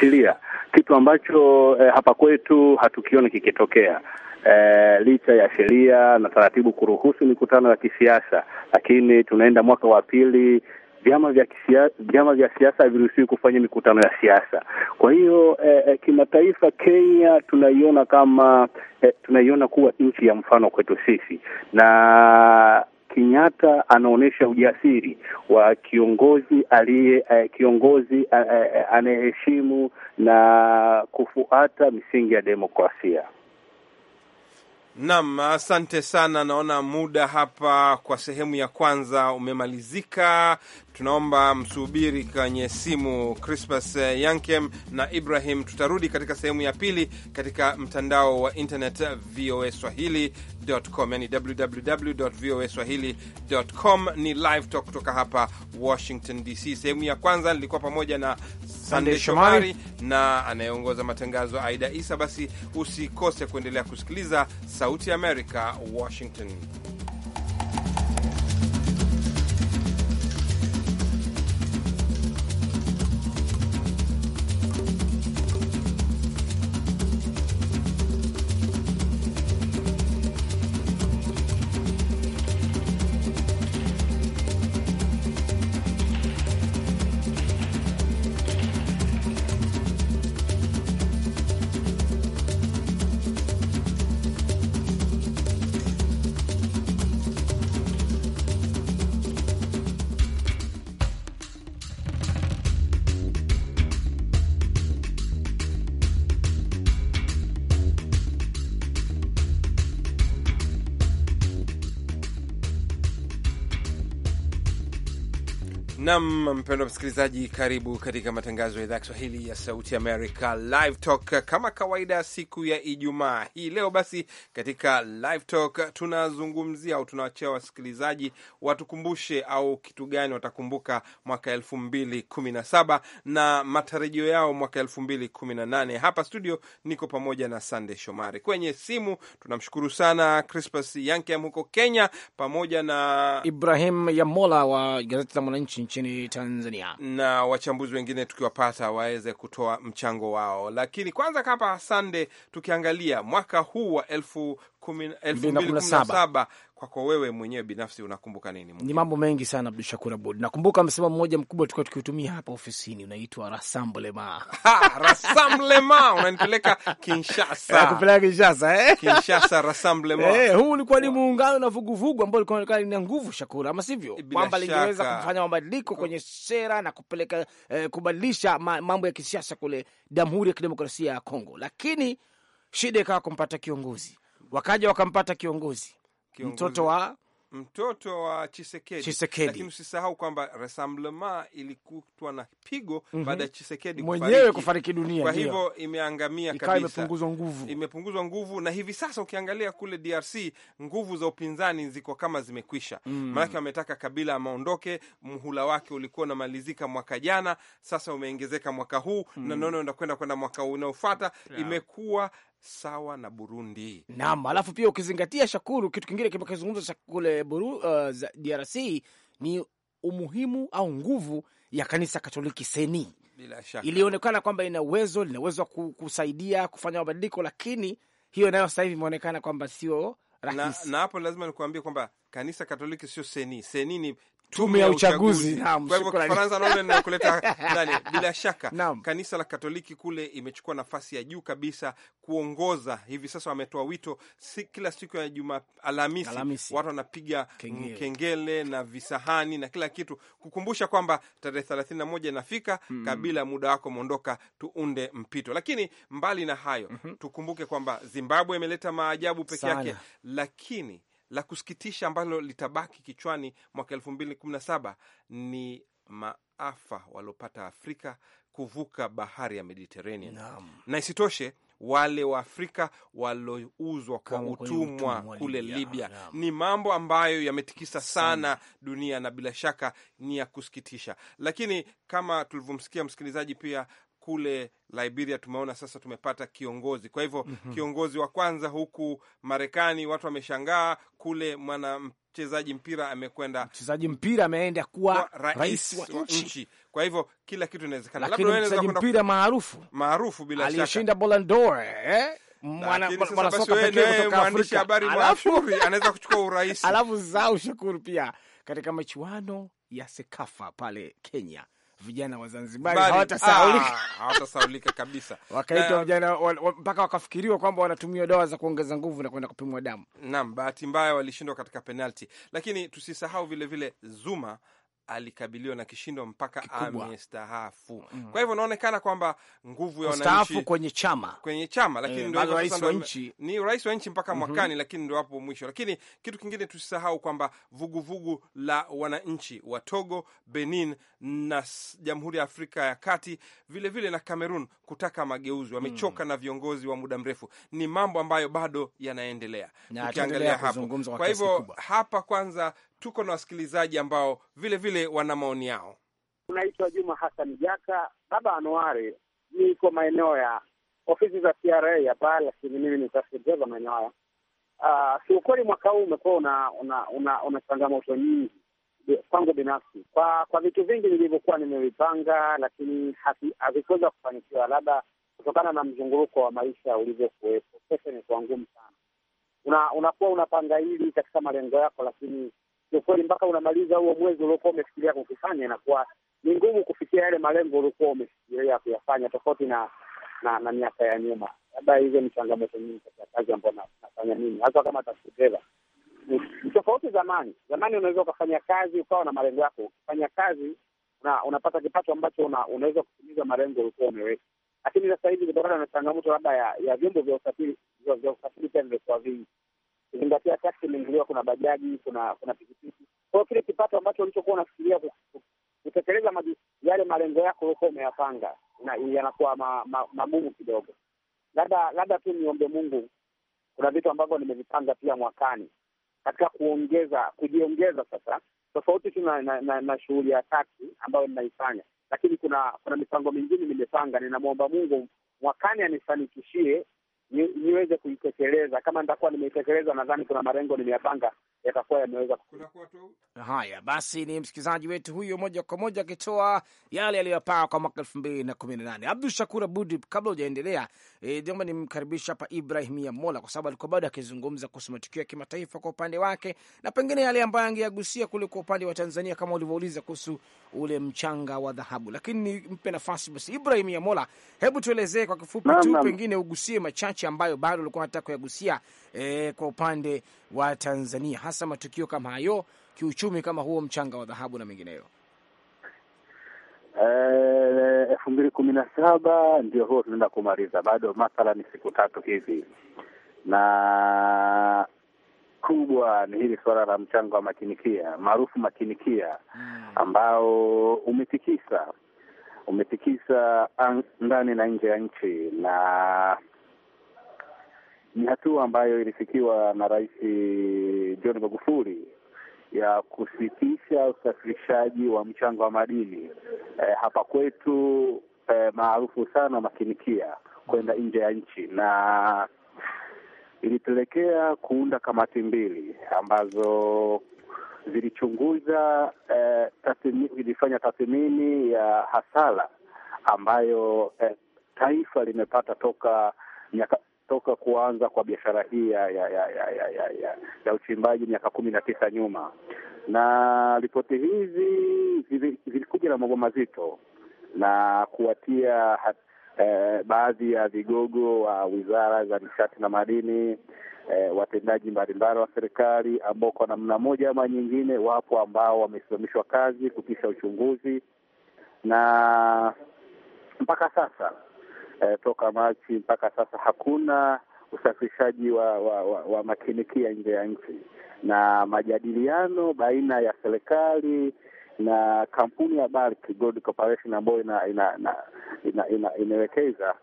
sheria, kitu ambacho eh, hapa kwetu hatukioni kikitokea. E, licha ya sheria na taratibu kuruhusu mikutano ya kisiasa, lakini tunaenda mwaka wa pili vyama vya kisiasa, vyama vya siasa haviruhusiwi kufanya mikutano ya siasa. Kwa hiyo eh, eh, kimataifa Kenya tunaiona kama eh, tunaiona kuwa nchi ya mfano kwetu sisi na Kenyatta anaonyesha ujasiri wa kiongozi aliye uh, kiongozi uh, uh, anayeheshimu na kufuata misingi ya demokrasia. Naam, asante sana. Naona muda hapa kwa sehemu ya kwanza umemalizika. Tunaomba msubiri kwenye simu Crispas eh, Yankem na Ibrahim. Tutarudi katika sehemu ya pili katika mtandao wa internet eh, VOA Swahili.com, yani www voa swahili.com. Ni live talk kutoka hapa Washington DC. Sehemu ya kwanza nilikuwa pamoja na Sande Shomari na anayeongoza matangazo Aida Isa. Basi usikose kuendelea kusikiliza sa Sauti ya Amerika, Washington. Nam mpendwa msikilizaji, karibu katika matangazo ya idhaa ya Kiswahili ya Sauti Amerika, Live Talk, kama kawaida siku ya Ijumaa hii leo. Basi katika Live Talk tunazungumzia au tunawachia wasikilizaji watukumbushe au kitu gani watakumbuka mwaka elfu mbili kumi na saba na matarajio yao mwaka elfu mbili kumi na nane Hapa studio niko pamoja na sandey Shomari, kwenye simu tunamshukuru sana crispas Yankem huko Kenya, pamoja na Ibrahim Yamola wa gazeti la Mwananchi nchini Tanzania, na wachambuzi wengine tukiwapata waweze kutoa mchango wao. Lakini kwanza, kama Sande, tukiangalia mwaka huu wa elfu 2017 kwako wewe mwenyewe binafsi unakumbuka nini? Ni mambo mengi sana, Abdu Shakur Abud. Nakumbuka msemo mmoja mkubwa tulikuwa tukiutumia hapa ofisini, unaitwa rasamblema. unanipeleka Kinshasa, eh, kupeleka Kinshasa, eh? Kinshasa eh, huu ulikuwa ni muungano na vuguvugu ambao ulikuwa unaonekana lina nguvu, Shakur, ama sivyo, kwamba lingeweza kufanya mabadiliko kwenye sera na kupeleka eh, kubadilisha mambo ya kisiasa kule Jamhuri ya Kidemokrasia ya Kongo, lakini shida ikawa kumpata kiongozi wakaja wakampata kiongozi, kiongozi mtoto wa mtoto wa Chisekedi, Chisekedi. Lakini usisahau kwamba Rassemblement ilikutwa na pigo mm -hmm. baada ya Chisekedi mwenyewe kufariki dunia, kwa hivyo imeangamia kabisa, imepunguzwa nguvu, imepunguzwa nguvu. Na hivi sasa ukiangalia kule DRC nguvu za upinzani ziko kama zimekwisha mm. wametaka Kabila amaondoke, mhula wake ulikuwa unamalizika mwaka jana, sasa umeongezeka mwaka huu mm. na naona unakwenda kwenda mwaka unaofuata yeah. imekuwa sawa na Burundi. Naam, alafu pia ukizingatia, Shakuru, kitu kingine kimekizungumza cha kule uh, DRC ni umuhimu au nguvu ya kanisa Katoliki seni ilionekana kwamba ina uwezo lina uwezo wa kusaidia kufanya mabadiliko, lakini hiyo nayo sasa hivi imeonekana kwamba sio rahisi. Na hapo lazima nikuambie kwamba kanisa Katoliki sio seni. Seni ni tume ya uchaguzi. Kwa hivyo Kifaransa naona inakuleta ndani. Bila shaka Naam. Kanisa la Katoliki kule imechukua nafasi ya juu kabisa kuongoza hivi sasa. Wametoa wito si, kila siku ya juma Alhamisi, Alhamisi watu wanapiga kengele na visahani na kila kitu kukumbusha kwamba tarehe thelathini na moja inafika mm -hmm. Kabila muda wako umeondoka, tuunde mpito. Lakini mbali na hayo mm -hmm. tukumbuke kwamba Zimbabwe imeleta maajabu peke yake, lakini la kusikitisha ambalo litabaki kichwani mwaka elfu mbili kumi na saba ni maafa waliopata Afrika kuvuka bahari ya Mediterranean na, na isitoshe wale wa Afrika walouzwa kwa utumwa kule Libya Libya. Ni mambo ambayo yametikisa sana dunia na bila shaka ni ya kusikitisha, lakini kama tulivyomsikia msikilizaji pia kule Liberia tumeona sasa tumepata kiongozi. Kwa hivyo mm -hmm. kiongozi wa kwanza huku Marekani watu wameshangaa, kule mwana mchezaji mpira amekwenda mchezaji mpira ameenda kuwa rais rais wa nchi. Kwa hivyo kila kitu inawezekana, labda mchezaji mpira maarufu maarufu bila shaka alishinda Ballon d'Or eh mwandishi habari mashuhuri anaweza kuchukua urais alafu zao shukuru pia katika michuano ya Sekafa pale Kenya vijana wa Zanzibar ah, kabisa, wakaitwa vijana mpaka wakafikiriwa kwamba wanatumia dawa za kuongeza nguvu na kwenda kupimwa damu. Naam, bahati mbaya walishindwa katika penalti, lakini tusisahau vilevile Zuma alikabiliwa na kishindo mpaka amestaafu. mm -hmm. Kwa hivyo unaonekana kwamba nguvu ya wananchi kwenye chama kwenye chama, eh, lakini ndio rais wa nchi ni rais wa nchi mpaka mm -hmm. mwakani, lakini ndio hapo mwisho. Lakini kitu kingine tusisahau kwamba vuguvugu la wananchi wa Togo, Benin na Jamhuri ya Afrika ya Kati vilevile vile na Kamerun kutaka mageuzi, wamechoka mm. na viongozi wa muda mrefu. Ni mambo ambayo bado yanaendelea, ukiangalia hapo. Kwa hivyo hapa kwanza tuko na wasikilizaji ambao vilevile wana maoni yao. Unaitwa Juma Hassan Jaka baba Anuari, niko maeneo ya ofisi za TRA hapa lakini mimi ni maeneo haya. Uh, ah, kiukweli mwaka huu umekuwa una, una, una, una changamoto nyingi kwangu binafsi, kwa kwa vitu vingi nilivyokuwa nimevipanga, lakini havikuweza kufanikiwa, labda kutokana na mzunguruko wa maisha ulivyokuwepo. Pesa imekuwa ngumu sana, unakuwa una unapanga hili katika malengo yako, lakini kweli mpaka unamaliza huo mwezi uliokuwa umefikiria kukifanya, inakuwa ni ngumu kufikia yale malengo uliokuwa umefikiria kuyafanya, tofauti na na na miaka ya nyuma. Labda hizo ni changamoto nyingi katika kazi ambayo nafanya mimi, hasa kama tafutea ni tofauti zamani. Zamani unaweza ukafanya kazi ukawa na malengo yako, ukifanya kazi una, unapata kipato ambacho una, unaweza kutimiza malengo ulikuwa umeweka, lakini sasa hivi kutokana na changamoto labda ya, ya vyombo vya usafiri vya usafiri pia vimekuwa vingi ukizingatia taksi imeingiliwa, kuna bajaji, kuna kuna pikipiki. Kwa hiyo kile kipato ambacho ulichokuwa unafikiria kutekeleza yale malengo yako uliokuwa umeyapanga yanakuwa ma, ma, magumu kidogo. Labda labda tu niombe Mungu, kuna vitu ambavyo nimevipanga pia mwakani katika kuongeza kujiongeza sasa, tofauti tu na, na, na, na shughuli ya taksi ambayo ninaifanya, lakini kuna kuna mipango mingine nimepanga. Ninamwomba Mungu mwakani anifanikishie niweze kuitekeleza. Kama nitakuwa nimeitekeleza, nadhani kuna malengo nimeyapanga, yatakuwa yameweza. Haya basi, ni msikilizaji wetu huyo moja kwa moja akitoa yale yaliyopaa kwa mwaka elfu mbili na kumi na nane. Abdu Shakur Abud, kabla hujaendelea jomba, eh, e, nimkaribisha hapa Ibrahim Yamola kwa sababu alikuwa bado akizungumza kuhusu matukio ya kimataifa kwa upande wake na pengine yale ambayo angeyagusia kule kwa upande wa Tanzania kama ulivyouliza kuhusu ule mchanga wa dhahabu, lakini nimpe nafasi basi. Ibrahim Yamola, hebu tuelezee kwa kifupi tu, pengine ugusie machache ambayo bado ulikuwa unataka kuyagusia e, kwa upande wa Tanzania, hasa matukio kama hayo kiuchumi kama huo mchanga wa dhahabu na mengineyo? Eh, elfu mbili kumi na saba ndio huo tunaenda kumaliza, bado mathala ni siku tatu hivi, na kubwa ni hili suala la mchango wa makinikia maarufu makinikia, hmm. ambao umetikisa umetikisa ndani na nje ya nchi na ni hatua ambayo ilifikiwa na Rais eh, John Magufuli ya kusitisha usafirishaji wa mchango wa madini e, hapa kwetu e, maarufu sana makinikia kwenda nje ya nchi, na ilipelekea kuunda kamati mbili ambazo zilichunguza eh, tathmini, zilifanya tathmini ya hasara ambayo e, taifa limepata toka miaka toka kuanza kwa biashara hii ya ya, ya, ya, ya, ya, ya, ya uchimbaji miaka kumi na tisa nyuma, na ripoti hizi zilikuja na mambo mazito na kuwatia eh, baadhi ya vigogo wa wizara za nishati na madini eh, watendaji mbalimbali wa serikali ambao kwa namna moja ama nyingine wapo ambao wamesimamishwa kazi kupisha uchunguzi na mpaka sasa eh, toka Machi mpaka sasa hakuna usafirishaji wa, wa, wa, wa makinikia nje ya nchi, na majadiliano baina ya serikali na kampuni ya Barrick Gold Corporation ambayo ina, ina, ina, ina, ina, inawekeza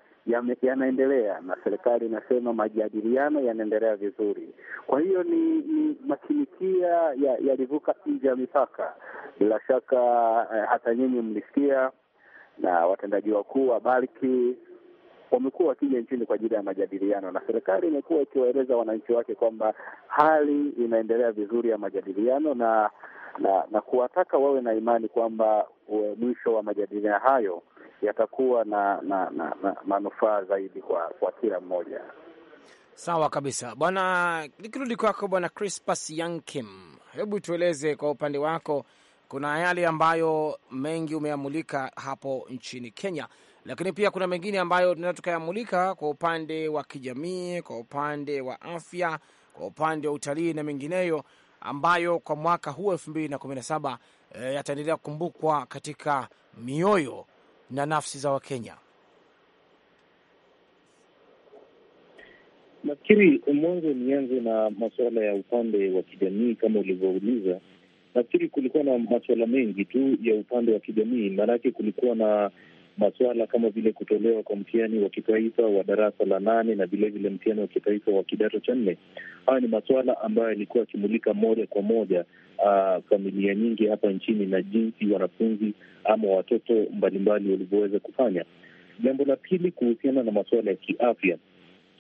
yanaendelea na serikali inasema majadiliano yanaendelea vizuri. Kwa hiyo ni, ni makinikia yalivuka ya nje ya mipaka. Bila shaka eh, hata nyinyi mlisikia na watendaji wakuu wa Bariki wamekuwa wakija nchini kwa ajili ya majadiliano, na serikali imekuwa ikiwaeleza wananchi wake kwamba hali inaendelea vizuri ya majadiliano na na, na kuwataka wawe na imani kwamba e, mwisho wa majadiliano hayo yatakuwa na, na, na, na manufaa zaidi kwa, kwa kila mmoja. Sawa kabisa bwana. Nikirudi kwako bwana Crispas Yankim, hebu tueleze kwa upande wako, kuna yale ambayo mengi umeamulika hapo nchini Kenya, lakini pia kuna mengine ambayo tunaweza tukayamulika kwa upande wa kijamii, kwa upande wa afya, kwa upande wa utalii na mengineyo ambayo kwa mwaka huu elfu mbili na kumi na saba e, yataendelea kukumbukwa katika mioyo na nafsi za Wakenya. Nafikiri mwanzo nianze na masuala ya upande wa kijamii kama ulivyouliza. Nafikiri kulikuwa na masuala mengi tu ya upande wa kijamii, maanake kulikuwa na masuala kama vile kutolewa kwa mtihani wa kitaifa wa darasa la nane na vilevile mtihani wa kitaifa wa kidato cha nne. Haya ni masuala ambayo yalikuwa yakimulika moja kwa moja uh, familia nyingi hapa nchini na jinsi wanafunzi ama watoto mbalimbali walivyoweza kufanya. Jambo la pili kuhusiana na masuala ya kiafya,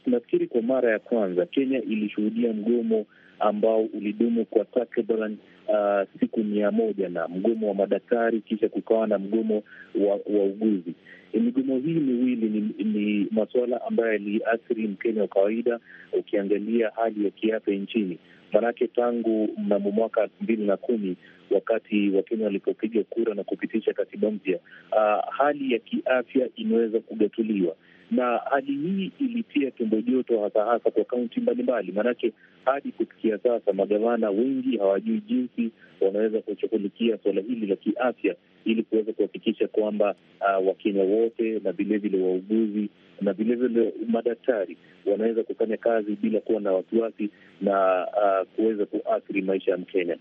nafikiri kwa mara ya kwanza Kenya ilishuhudia mgomo ambao ulidumu kwa takriban uh, siku mia moja na mgomo wa madaktari, kisha kukawa na mgomo wa wauguzi. E, Migomo hii miwili ni, ni masuala ambayo yaliathiri Mkenya wa kawaida, ukiangalia hali ya kiafya nchini. Maanake tangu mnamo mwaka elfu mbili na kumi wakati Wakenya walipopiga kura na kupitisha katiba mpya, uh, hali ya kiafya imeweza kugatuliwa na hali hii ilitia tumbo joto hasa hasa kwa kaunti mbalimbali, maanake hadi kufikia sasa magavana wengi hawajui jinsi wanaweza kushughulikia suala hili la kiafya ili kuweza kuhakikisha kwamba uh, Wakenya wote na vilevile wauguzi na vilevile madaktari wanaweza kufanya kazi bila kuwa na wasiwasi na uh, kuweza kuathiri maisha ya Mkenya.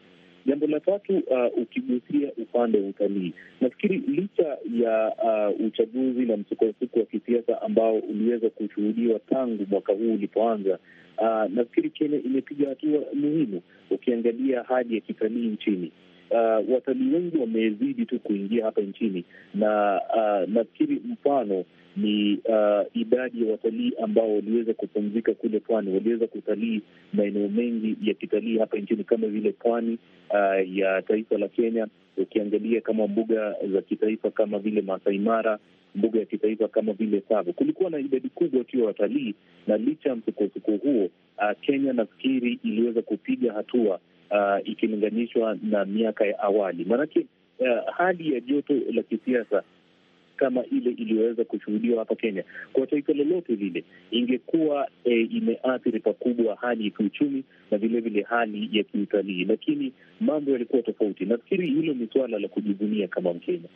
Jambo la tatu, uh, ukigusia upande wa utalii, nafikiri licha ya uh, uchaguzi na msukosuko wa kisiasa ambao uliweza kushuhudiwa tangu mwaka huu ulipoanza, uh, nafikiri Kenya imepiga hatua muhimu ukiangalia hadi ya kitalii nchini uh, watalii wengi wamezidi tu kuingia hapa nchini, na uh, nafikiri mfano ni uh, idadi ya watalii ambao waliweza kupumzika kule pwani, waliweza kutalii maeneo mengi ya kitalii hapa nchini kama vile pwani uh, ya taifa la Kenya, ukiangalia kama mbuga za kitaifa kama vile Masai Mara, mbuga ya kitaifa kama vile Tsavo, kulikuwa na idadi kubwa tu ya watalii, na licha ya msukosuko huo, uh, Kenya nafikiri iliweza kupiga hatua uh, ikilinganishwa na miaka ya awali. Maanake uh, hali ya joto la kisiasa kama ile iliyoweza kushuhudiwa hapa Kenya kwa taifa lolote lile ingekuwa e, imeathiri pakubwa hali ya kiuchumi na vilevile hali ya kiutalii, lakini mambo yalikuwa tofauti. Nafikiri hilo ni suala la kujivunia kama Mkenya.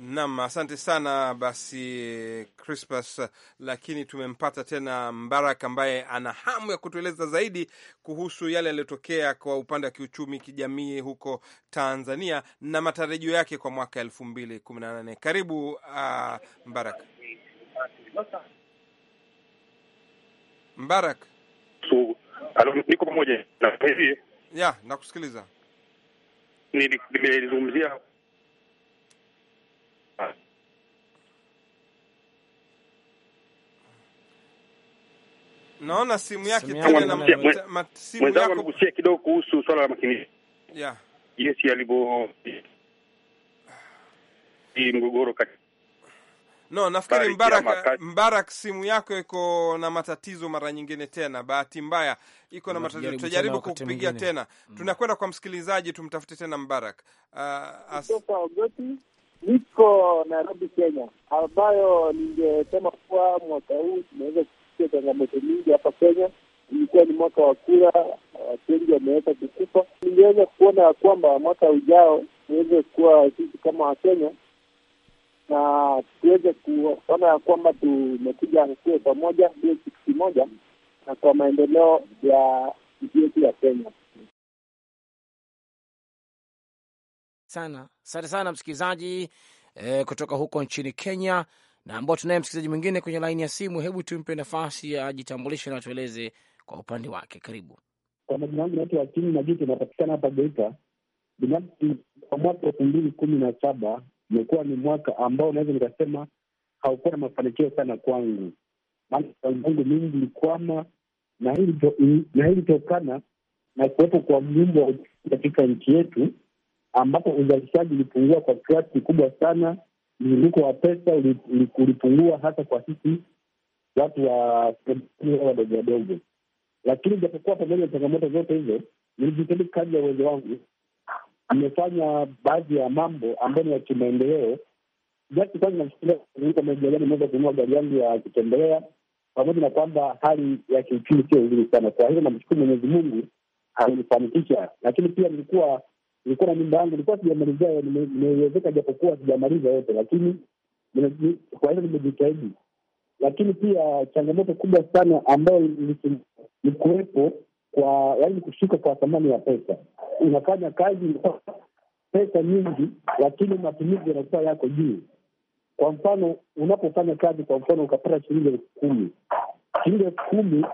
Naam, asante sana basi Crispas, lakini tumempata tena Mbarak ambaye ana hamu ya kutueleza zaidi kuhusu yale yaliyotokea kwa upande wa kiuchumi, kijamii huko Tanzania na matarajio yake kwa mwaka elfu mbili kumi na nane. Karibu uh, Mbarak. Mbarak, niko pamoja. Eh, eh. nakusikiliza. Nilizungumzia Naona simu yake tena, na simu yako aligusia kidogo kuhusu swala la makinisho yeah. Jinsi alivyo mgogoro kati No, nafikiri Mbaraka, Mbarak simu yako iko na matatizo mara nyingine tena, bahati mbaya iko na matatizo. Tutajaribu kukupigia tena mm. Tunakwenda kwa msikilizaji, tumtafute tena Mbaraka. Uh, as... niko Nairobi, Kenya, ambayo ningesema kuwa mwaka huu tunaweza tumepitia changamoto nyingi hapa Kenya. Ilikuwa ni mwaka wa kura, watu wengi wameweza kukufa. Ningeweza kuona ya kwamba mwaka ujao tuweze kuwa sisi kama Wakenya na tuweze kuona ya kwamba tumekuja hatua pamoja, ndio kitu kimoja, na kwa maendeleo ya nchi yetu ya Kenya. Sana asante sana msikilizaji eh, kutoka huko nchini Kenya na ambao tunaye msikilizaji mwingine kwenye laini ya simu. Hebu tumpe nafasi ya ajitambulishe na tueleze kwa upande wake. Karibu. Kwa majina yangu naitwa Wakini Majuto, napatikana hapa Geita. Binafsi kwa mwaka elfu mbili kumi na saba imekuwa ni mwaka ambao naweza nikasema haukuwa na mafanikio sana kwangu, maana kazi zangu mingi ilikwama, na hii ilitokana na kuwepo kwa mnyumbo wa uchumi katika nchi yetu, ambapo uzalishaji ulipungua kwa kiasi kikubwa sana mzunguko wa pesa ulipungua, hasa kwa sisi watu wa wadogo wadogo. Lakini japokuwa pamoja na changamoto zote hizo, nilijitendi kazi ya uwezo wangu, amefanya baadhi ya mambo ambayo ni ya kimaendeleo. jasi kwanza nafikiria nimeweza kunua gari yangu ya kutembelea, pamoja na kwamba hali ya kiuchumi sio nzuri sana. Kwa hiyo namshukuru Mwenyezi Mungu alinifanikisha, lakini pia nilikuwa nilikuwa na nyumba yangu, nilikuwa sijamaliza, nimeiwezeka japokuwa sijamaliza yote, lakini kwa hiyo nimejitahidi. Lakini pia changamoto kubwa sana ambayo ni kuwepo kwa, yani, kushuka kwa thamani ya pesa. Unafanya kazi pesa nyingi, lakini matumizi yanakuwa yako juu. Kwa mfano, unapofanya kazi, kwa mfano ukapata shilingi elfu kumi shilingi elfu kumi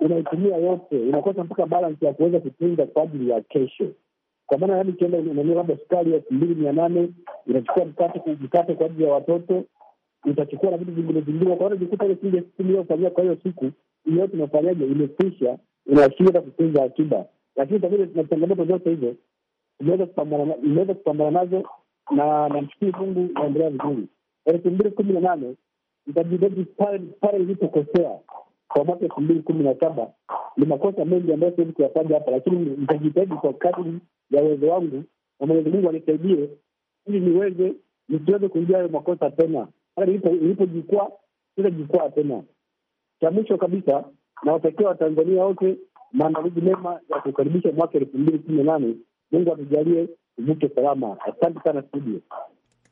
unaitumia yote, unakosa mpaka balansi ya kuweza kutunza kwa ajili ya kesho kwa maana yani, ukienda unanunua labda sukari elfu mbili mia nane unachukua mkate mkate kwa ajili ya watoto utachukua na vitu vingine vingine, kwa hiyo unajikuta ile shilingi elfu kumi iliyofanyia kwa hiyo siku yote tunafanyaje? imekwisha, unashinda kutunza akiba. Lakini pamoja na changamoto zote hizo imeweza kupambana nazo, na namshukuru Mungu naendelea vizuri. elfu mbili kumi na nane itabidi pale ilipokosea kwa mwaka elfu mbili kumi na saba ni makosa mengi ambayo siwezi kuyataja hapa, lakini nitajitahidi kwa kadri ya uwezo wangu, na Mwenyezi Mungu anisaidie ili niweze nisiweze kuingia hayo makosa tena, hata nilipojikwaa jikwaa tena. Cha mwisho kabisa, nawatakia Watanzania wote maandalizi mema ya kukaribisha mwaka elfu mbili kumi na nane. Mungu atujalie tuvuke salama. Asante sana studio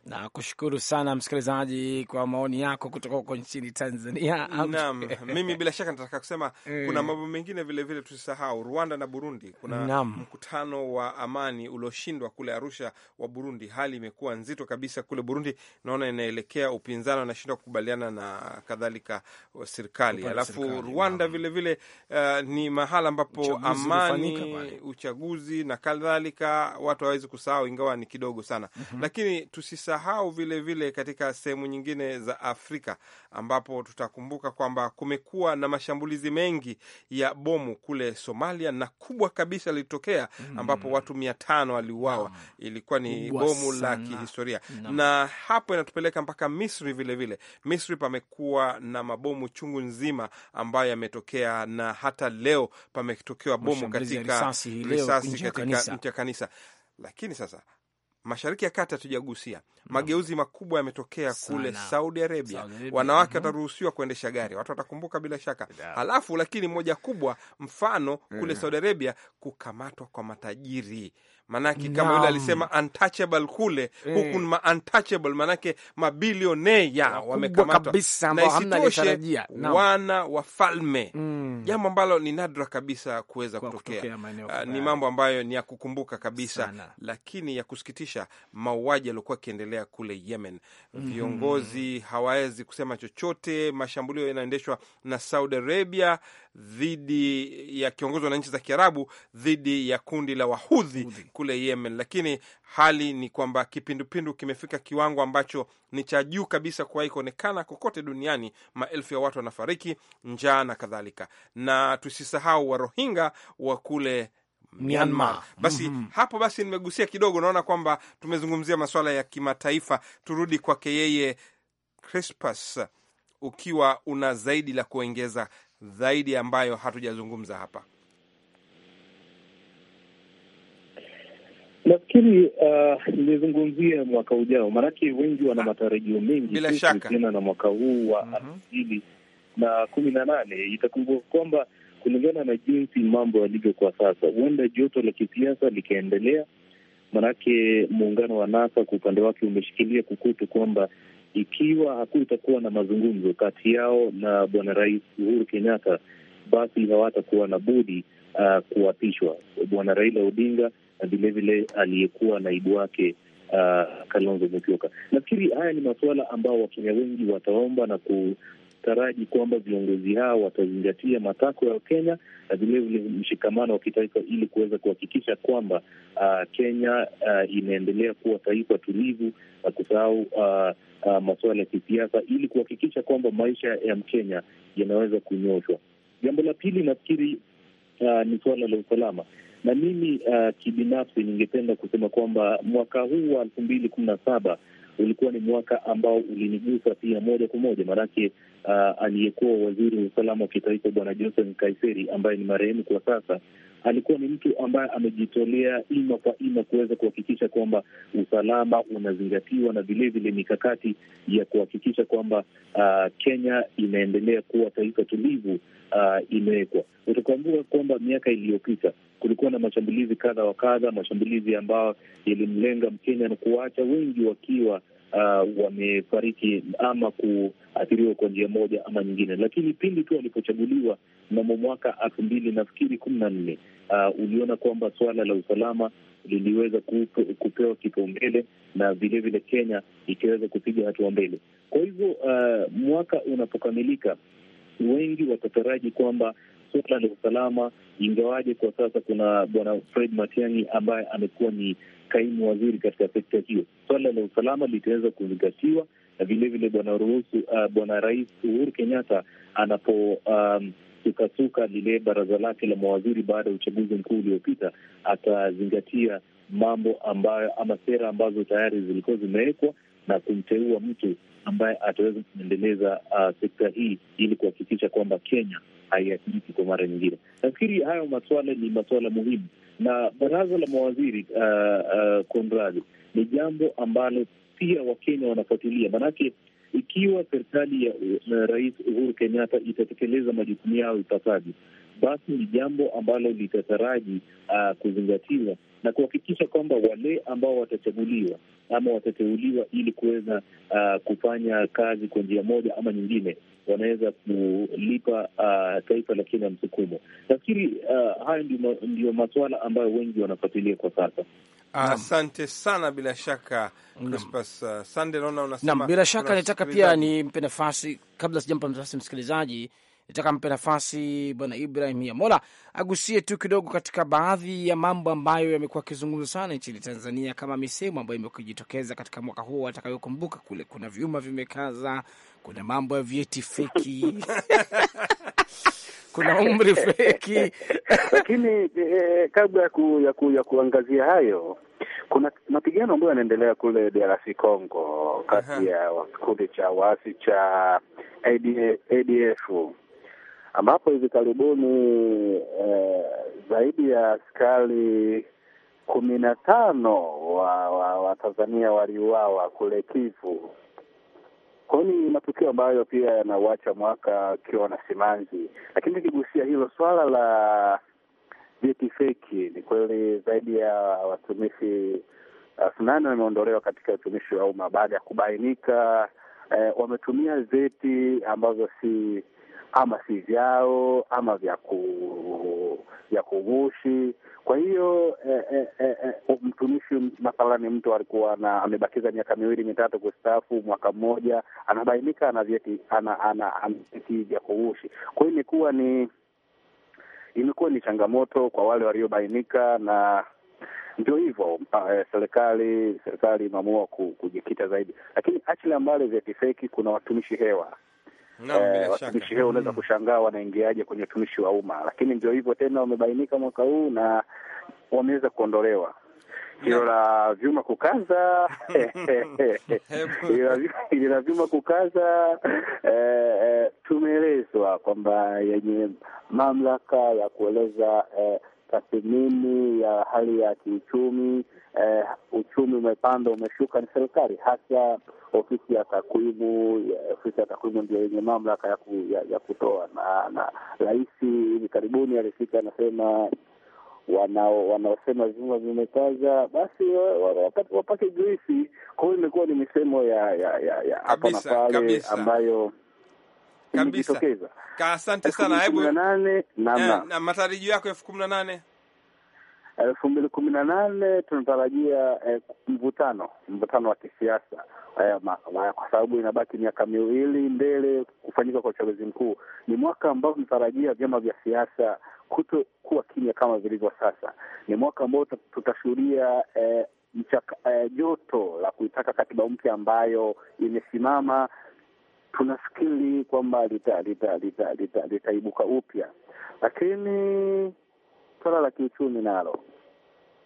na kushukuru sana msikilizaji kwa maoni yako kutoka huko nchini Tanzania. Naam, mimi bila shaka nataka kusema mm, kuna mambo mengine vilevile tusisahau, Rwanda na Burundi kuna Naam, mkutano wa amani ulioshindwa kule Arusha wa Burundi. Hali imekuwa nzito kabisa kule Burundi, naona inaelekea upinzani wanashindwa kukubaliana na kadhalika serikali. Alafu Rwanda vilevile vile, uh, ni mahala ambapo uchaguzi amani uchaguzi na kadhalika watu hawawezi kusahau, ingawa ni kidogo sana mm -hmm. lakini tusisahau vile vilevile katika sehemu nyingine za Afrika ambapo tutakumbuka kwamba kumekuwa na mashambulizi mengi ya bomu kule Somalia, na kubwa kabisa lilitokea mm. ambapo watu mia tano waliuawa. Ilikuwa ni bomu la kihistoria na, na hapo inatupeleka mpaka Misri vilevile vile. Misri pamekuwa na mabomu chungu nzima ambayo yametokea, na hata leo pametokewa bomu katika risasi katika nchi ya kanisa, lakini sasa Mashariki ya Kati hatujagusia. Mageuzi makubwa yametokea kule Saudi Arabia, Saudi Arabia. Wanawake uh-huh. wataruhusiwa mm -hmm. kuendesha gari, watu watakumbuka bila shaka yeah. Alafu lakini moja kubwa mfano kule mm Saudi Arabia, kukamatwa kwa matajiri Maanake kama yule alisema untouchable kule e, huku ma untouchable maanake mabilionea wamekamatwa, na isitoshe wana wafalme mm, jambo ambalo ni nadra kabisa kuweza kutokea. Uh, ni mambo ambayo ni ya kukumbuka kabisa sana, lakini ya kusikitisha, mauaji yaliokuwa akiendelea kule Yemen. Mhm. Viongozi mm, hawawezi kusema chochote, mashambulio yanaendeshwa na Saudi Arabia dhidi ya kiongozwa na nchi za Kiarabu dhidi ya kundi la wahudhi kule Yemen, lakini hali ni kwamba kipindupindu kimefika kiwango ambacho ni cha juu kabisa kuwahi kuonekana kokote duniani. Maelfu ya watu wanafariki njaa na kadhalika, na tusisahau Warohinga wa kule Myanmar. Basi mm -hmm. Hapo basi nimegusia kidogo, naona kwamba tumezungumzia masuala ya kimataifa. Turudi kwake yeye Crispas, ukiwa una zaidi la kuongeza zaidi ambayo hatujazungumza hapa? Nafikiri uh, nizungumzie mwaka ujao, maanake wengi wana ah, matarajio mengi bila shaka na mwaka huu wa elfu mm -hmm. mbili na kumi na nane. Itakumbuka kwamba kulingana na jinsi mambo yalivyo kwa sasa, huenda joto la kisiasa likaendelea, maanake muungano wa NASA kwa upande wake umeshikilia kukutu kwamba ikiwa hakutakuwa na mazungumzo kati yao na bwana Rais Uhuru Kenyatta, basi hawatakuwa na budi uh, kuapishwa bwana Raila Odinga na vilevile aliyekuwa naibu wake uh, Kalonzo Musyoka. Nafikiri haya ni masuala ambao Wakenya wengi wataomba na ku, taraji kwamba viongozi hao watazingatia matakwa ya Wakenya na vilevile mshikamano wa kitaifa ili kuweza kuhakikisha kwamba uh, Kenya uh, inaendelea kuwa taifa tulivu na kusahau uh, uh, masuala ya kisiasa ili kuhakikisha kwamba maisha ya Mkenya yanaweza kunyoshwa. Jambo la pili nafikiri uh, ni suala la usalama na mimi uh, kibinafsi ningependa kusema kwamba mwaka huu wa elfu mbili kumi na saba ulikuwa ni mwaka ambao ulinigusa pia moja kwa moja, maanake uh, aliyekuwa waziri wa usalama wa kitaifa Bwana joseh Kaiseri ambaye ni marehemu kwa sasa, alikuwa ni mtu ambaye amejitolea ima kwa ima kuweza kuhakikisha kwamba usalama unazingatiwa na vilevile mikakati ya kuhakikisha kwamba uh, Kenya inaendelea kuwa taifa tulivu uh, imewekwa. Utakumbuka kwamba miaka iliyopita kulikuwa na mashambulizi kadha wa kadha, mashambulizi ambayo yalimlenga Mkenya na kuwaacha wengi wakiwa uh, wamefariki ama kuathiriwa kwa njia moja ama nyingine, lakini pindi tu alipochaguliwa mnamo mwaka elfu mbili nafikiri kumi na nne uh, uliona kwamba suala la usalama liliweza kupewa kipaumbele na vilevile Kenya ikiweza kupiga hatua mbele. Kwa hivyo uh, mwaka unapokamilika, wengi watataraji kwamba suala la usalama, ingawaje kwa sasa kuna bwana Fred Matiang'i ambaye amekuwa ni kaimu waziri katika sekta hiyo. Swala la usalama litaweza kuzingatiwa na vilevile bwana ruhusu uh, bwana Rais Uhuru Kenyatta anapo um, sukasuka lile baraza lake la mawaziri baada ya uchaguzi mkuu uliopita, atazingatia mambo ambayo ama sera ambazo tayari zilikuwa zimewekwa na kumteua mtu ambaye ataweza kuendeleza uh, sekta hii ili kuhakikisha kwamba Kenya haiathiriki kwa mara nyingine. Nafikiri hayo masuala ni masuala muhimu, na baraza la mawaziri uh, uh, uh, ni jambo ambalo pia Wakenya wanafuatilia, maanake ikiwa serikali ya uh, Rais Uhuru Kenyatta itatekeleza majukumu yao ipasavyo, basi ni jambo ambalo litataraji uh, kuzingatiwa na kuhakikisha kwamba wale ambao watachaguliwa ama watateuliwa ili kuweza uh, kufanya kazi kwa njia moja ama nyingine, wanaweza kulipa uh, taifa la Kenya msukumo. Nafikiri uh, hayo ndiyo, ndiyo masuala ambayo wengi wanafuatilia kwa sasa. Asante sana. Bila shaka Crispas uh, Sande, naona unasema. Naam, bila shaka nataka pia nimpe nafasi kabla sijampa nafasi msikilizaji Nataka mpe nafasi Bwana Ibrahim Yamola agusie tu kidogo katika baadhi ya mambo ambayo yamekuwa akizungumzwa sana nchini Tanzania, kama misemo ambayo imekuwa ikijitokeza katika mwaka huu atakayokumbuka. Kule kuna vyuma vimekaza, kuna mambo ya vyeti feki kuna umri feki lakini eh, kabla ya, ku, ya, ku, ya kuangazia hayo kuna mapigano ambayo yanaendelea kule DRC Congo kati ya kikundi cha waasi cha ADF ambapo hivi karibuni eh, zaidi ya askari kumi na tano wa, wa, wa Tanzania waliuawa kule Kivu. Kwa hiyo ni matukio ambayo pia yanauacha mwaka akiwa na simanzi, lakini nikigusia hilo swala la vyeti feki, ni kweli zaidi ya watumishi elfu nane wameondolewa katika utumishi wa umma baada ya kubainika eh, wametumia vyeti ambavyo si ama si vyao ama vya ku vya kugushi. Kwa hiyo eh, eh, eh, eh mtumishi mathalani, mtu alikuwa na amebakiza miaka miwili mitatu kustaafu, mwaka mmoja, anabainika ana vyeti ana, ana, ana vyeti vya kugushi. Kwa hiyo imekuwa ni imekuwa ni changamoto kwa wale waliobainika, na ndio hivyo eh, serikali serikali imeamua kujikita zaidi, lakini achili ambalo vyeti kuna watumishi hewa eh, watumishi hao unaweza mm. kushangaa wanaingiaje kwenye utumishi wa umma, lakini ndio hivyo tena, wamebainika mwaka huu na wameweza kuondolewa hilo la vyuma kukaza, hilo la vyuma kukaza. E, tumeelezwa kwamba yenye mamlaka ya kueleza e, tathmini ya hali ya kiuchumi eh, uchumi umepanda umeshuka, ni serikali hasa ofisi ya takwimu. Ofisi ya takwimu ndio yenye mamlaka ya, ku, ya, ya kutoa na, na rais hivi karibuni alifika anasema wanao wanaosema vyuma vimekaza basi wapate juisi. Kwa hiyo imekuwa ni misemo ya hapa na pale ambayo kabisa. Asante sana, hebu eh, na matarajio yako elfu kumi na nane elfu mbili kumi na nane tunatarajia eh, mvutano mvutano wa kisiasa eh, kwa sababu inabaki miaka miwili mbele kufanyika kwa uchaguzi mkuu. Ni mwaka ambao tunatarajia vyama vya siasa kuto kuwa kimya kama vilivyo sasa. Ni mwaka ambao tutashuhudia eh, mchaka, eh, joto la kuitaka katiba mpya ambayo imesimama tunafikiri kwamba litaibuka lita, lita, lita, lita upya, lakini swala la kiuchumi nalo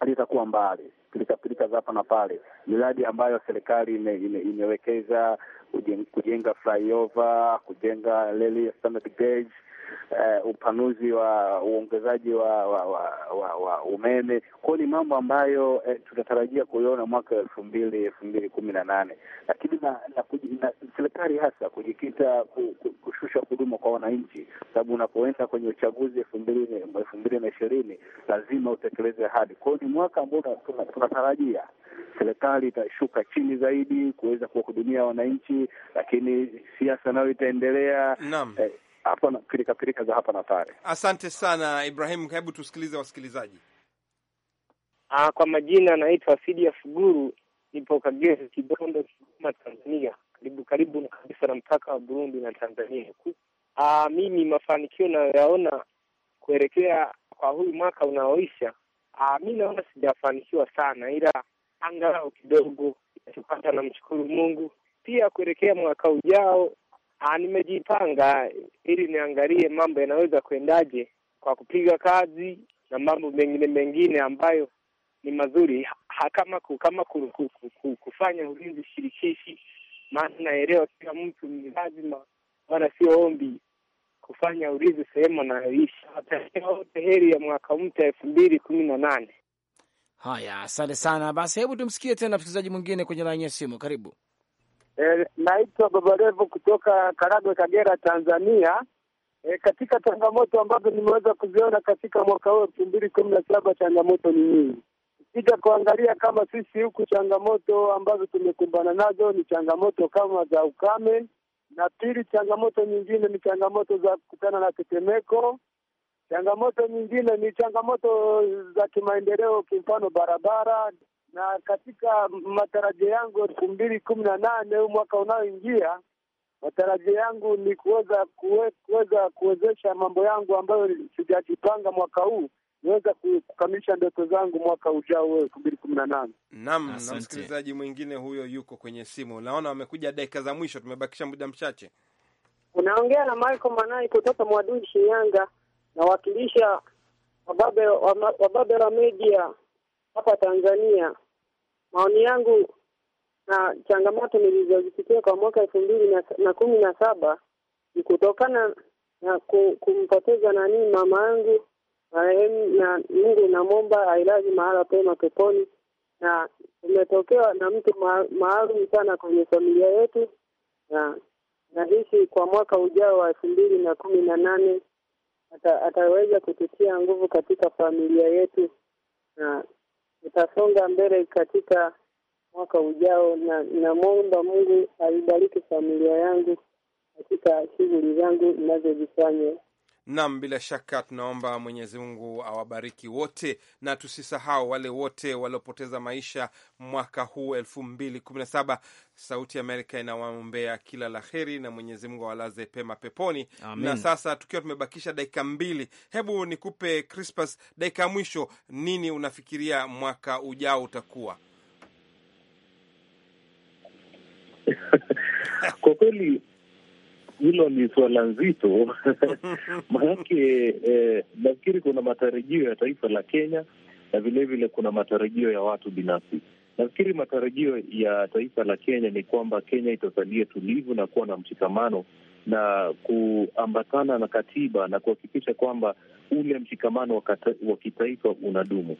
litakuwa mbali, pilikapilika za hapa na pale. Miradi ambayo serikali ime, ime, imewekeza kujenga flyover, kujenga reli standard gauge uh, upanuzi wa uongezaji wa, wa, wa, wa, wa umeme. Kwa hiyo ni mambo ambayo eh, tunatarajia kuiona mwaka elfu mbili elfu mbili kumi na nane, lakini na, na, na serikali hasa kujikita kushusha huduma kwa wananchi, sababu unapoenda kwenye uchaguzi elfu mbili elfu mbili na ishirini lazima utekeleze ahadi. Kwa hiyo ni mwaka ambao tunatarajia serikali itashuka chini zaidi kuweza kuwahudumia wananchi, lakini siasa nayo itaendelea. Naam. Eh, hapa na pilika pilika za hapa na pale. Asante sana Ibrahim, hebu tusikilize wasikilizaji. Aa, ah, kwa majina anaitwa Fidia Fuguru, nipo Kagezi, Kibondo, Kigoma, Tanzania, karibu karibu na kabisa na mpaka wa Burundi na Tanzania. Aa, ah, mimi mafanikio nayoyaona kuelekea kwa huyu mwaka unaoisha, ah, mi naona sijafanikiwa sana, ila angalau kidogo na namshukuru Mungu. Pia kuelekea mwaka ujao Ah, nimejipanga ili niangalie mambo yanaweza kuendaje kwa kupiga kazi na mambo mengine mengine ambayo ni mazuri ha, kama kama ku, ku, ku, ku, kufanya ulinzi shirikishi, maana naelewa kila mtu ni lazima, wala sio ombi kufanya ulinzi sehemu anayoishi. Watakia wote heri ya mwaka mpya elfu mbili kumi na nane. Haya, asante sana. Basi hebu tumsikie tena msikilizaji mwingine kwenye laini ya simu. Karibu. E, naitwa Babarevu kutoka Karagwe, Kagera, Tanzania. E, katika changamoto ambazo nimeweza kuziona katika mwaka huu elfu mbili kumi na saba changamoto ni nyingi. Ukija kuangalia kama sisi huku, changamoto ambazo tumekumbana nazo ni changamoto kama za ukame, na pili, changamoto nyingine ni changamoto za kukutana na tetemeko. Changamoto nyingine ni changamoto za kimaendeleo, kimfano barabara na katika matarajio yangu elfu mbili kumi na nane huu mwaka unaoingia, matarajio yangu ni kuweza kuweza kuwezesha mambo yangu ambayo sijajipanga mwaka huu niweza kukamilisha ndoto zangu mwaka ujao elfu mbili kumi na nane. Naam, na msikilizaji mwingine huyo yuko kwenye simu, naona wamekuja dakika za mwisho, tumebakisha muda mchache. Unaongea na Michael Manai kutoka Mwadui, Shinyanga, nawakilisha wababe wa media hapa Tanzania, maoni yangu na changamoto nilizozipitia kwa mwaka elfu mbili na, na kumi na saba ni kutokana na kumpoteza nani mama yangu marehemu, na Mungu namwomba ailazi mahala pema peponi, na umetokewa na mtu maalum sana kwenye familia yetu, na nahisi kwa mwaka ujao wa elfu mbili na kumi na nane ata, ataweza kututia nguvu katika familia yetu na tutasonga mbele katika mwaka ujao, na namwomba Mungu aibariki familia yangu katika shughuli zangu ninazozifanya. Nam, bila shaka tunaomba Mwenyezi Mungu awabariki wote, na tusisahau wale wote waliopoteza maisha mwaka huu elfu mbili kumi na saba. Sauti ya Amerika inawaombea kila la heri na Mwenyezi Mungu awalaze pema peponi. Amen. Na sasa tukiwa tumebakisha dakika mbili, hebu nikupe Crispas dakika ya mwisho, nini unafikiria mwaka ujao utakuwa? kwa kweli hilo ni suala nzito eh, nafikiri eh, kuna matarajio ya taifa la Kenya na vilevile kuna matarajio ya watu binafsi. Nafikiri matarajio ya taifa la Kenya ni kwamba Kenya itasalia tulivu na kuwa na mshikamano na kuambatana na katiba na kuhakikisha kwamba ule mshikamano wa kitaifa unadumu.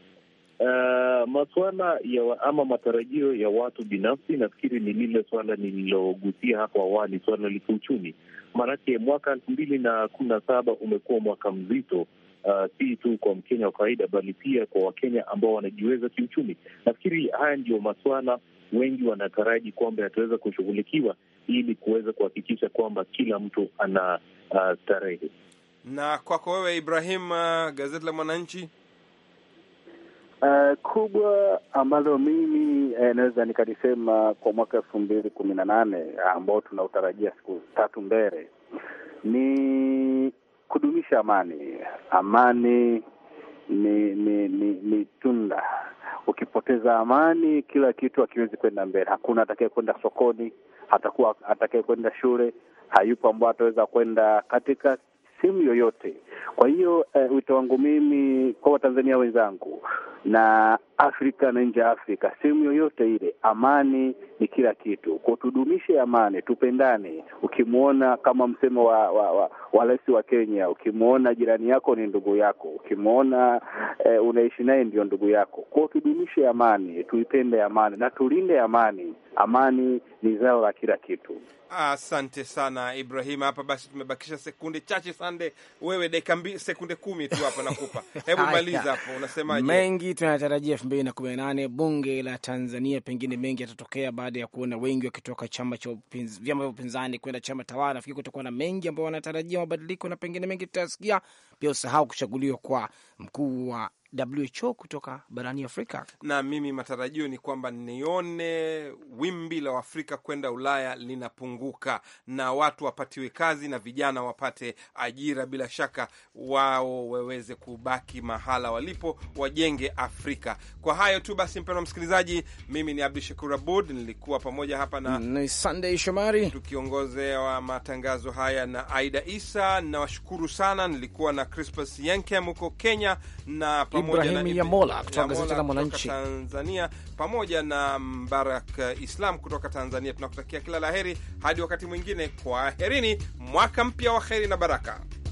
Uh, eh, masuala ya ama matarajio ya watu binafsi, nafikiri ni lile swala nililogusia hapo awali, swala la kiuchumi. Maanake mwaka elfu mbili na kumi na saba umekuwa mwaka mzito Uh, si tu kwa Mkenya wa kawaida bali pia kwa Wakenya ambao wanajiweza kiuchumi. Nafikiri haya ndiyo maswala wengi wanataraji kwamba yataweza kushughulikiwa ili kuweza kuhakikisha kwamba kila mtu ana uh, starehe. Na kwako wewe Ibrahim, uh, gazeti la Mwananchi Uh, kubwa ambalo mimi eh, naweza nikalisema kwa mwaka elfu mbili kumi na nane ambao tunautarajia siku tatu mbele ni kudumisha amani. Amani ni ni ni, ni tunda. Ukipoteza amani, kila kitu hakiwezi kwenda mbele. Hakuna atakaye kwenda sokoni, hatakuwa atakaye kwenda shule, hayupo ambao ataweza kwenda katika sehemu yoyote. Kwa hiyo uh, wito wangu mimi kwa Watanzania wenzangu na Afrika na nje ya Afrika, sehemu yoyote ile, amani ni kila kitu. Kwa tudumishe amani, tupendane. Ukimwona kama msemo wa wa, wa, wa rais wa Kenya, ukimwona jirani yako ni ndugu yako, ukimwona eh, unaishi naye ndio ndugu yako. Ko, tudumishe amani, tuipende amani na tulinde amani. Amani ni zao la kila kitu. Asante sana Ibrahim. Hapa basi tumebakisha sekunde chache. Sande wewe, dakika sekunde kumi tu hapa nakupa, hebu maliza hapo, unasemaje? Mengi tunatarajia mbili na kumi na nane bunge la Tanzania, pengine mengi yatatokea baada ya kuona wengi wakitoka chama cha vyama vya upinzani kwenda chama tawala. Nafikiri kutakuwa na mengi ambayo wanatarajia mabadiliko, na pengine mengi tutayasikia pia. Usahau kuchaguliwa kwa mkuu wa WHO kutoka barani Afrika. Na mimi matarajio ni kwamba nione wimbi la Afrika kwenda Ulaya linapunguka na watu wapatiwe kazi na vijana wapate ajira, bila shaka wao waweze kubaki mahala walipo, wajenge Afrika. Kwa hayo tu basi, mpendwa msikilizaji, mimi ni Abdu Shakur Abud, nilikuwa pamoja hapa na ni Sunday Shomari tukiongozewa matangazo haya na Aida Isa. Nawashukuru sana, nilikuwa na Crispus Yenkem huko Kenya na Ibrahim Yamola kutoka gazeti la Mwananchi Tanzania, pamoja na Mbarak Islam kutoka Tanzania. Tunakutakia kila la heri hadi wakati mwingine. kwa herini mwaka mpya wa heri na baraka.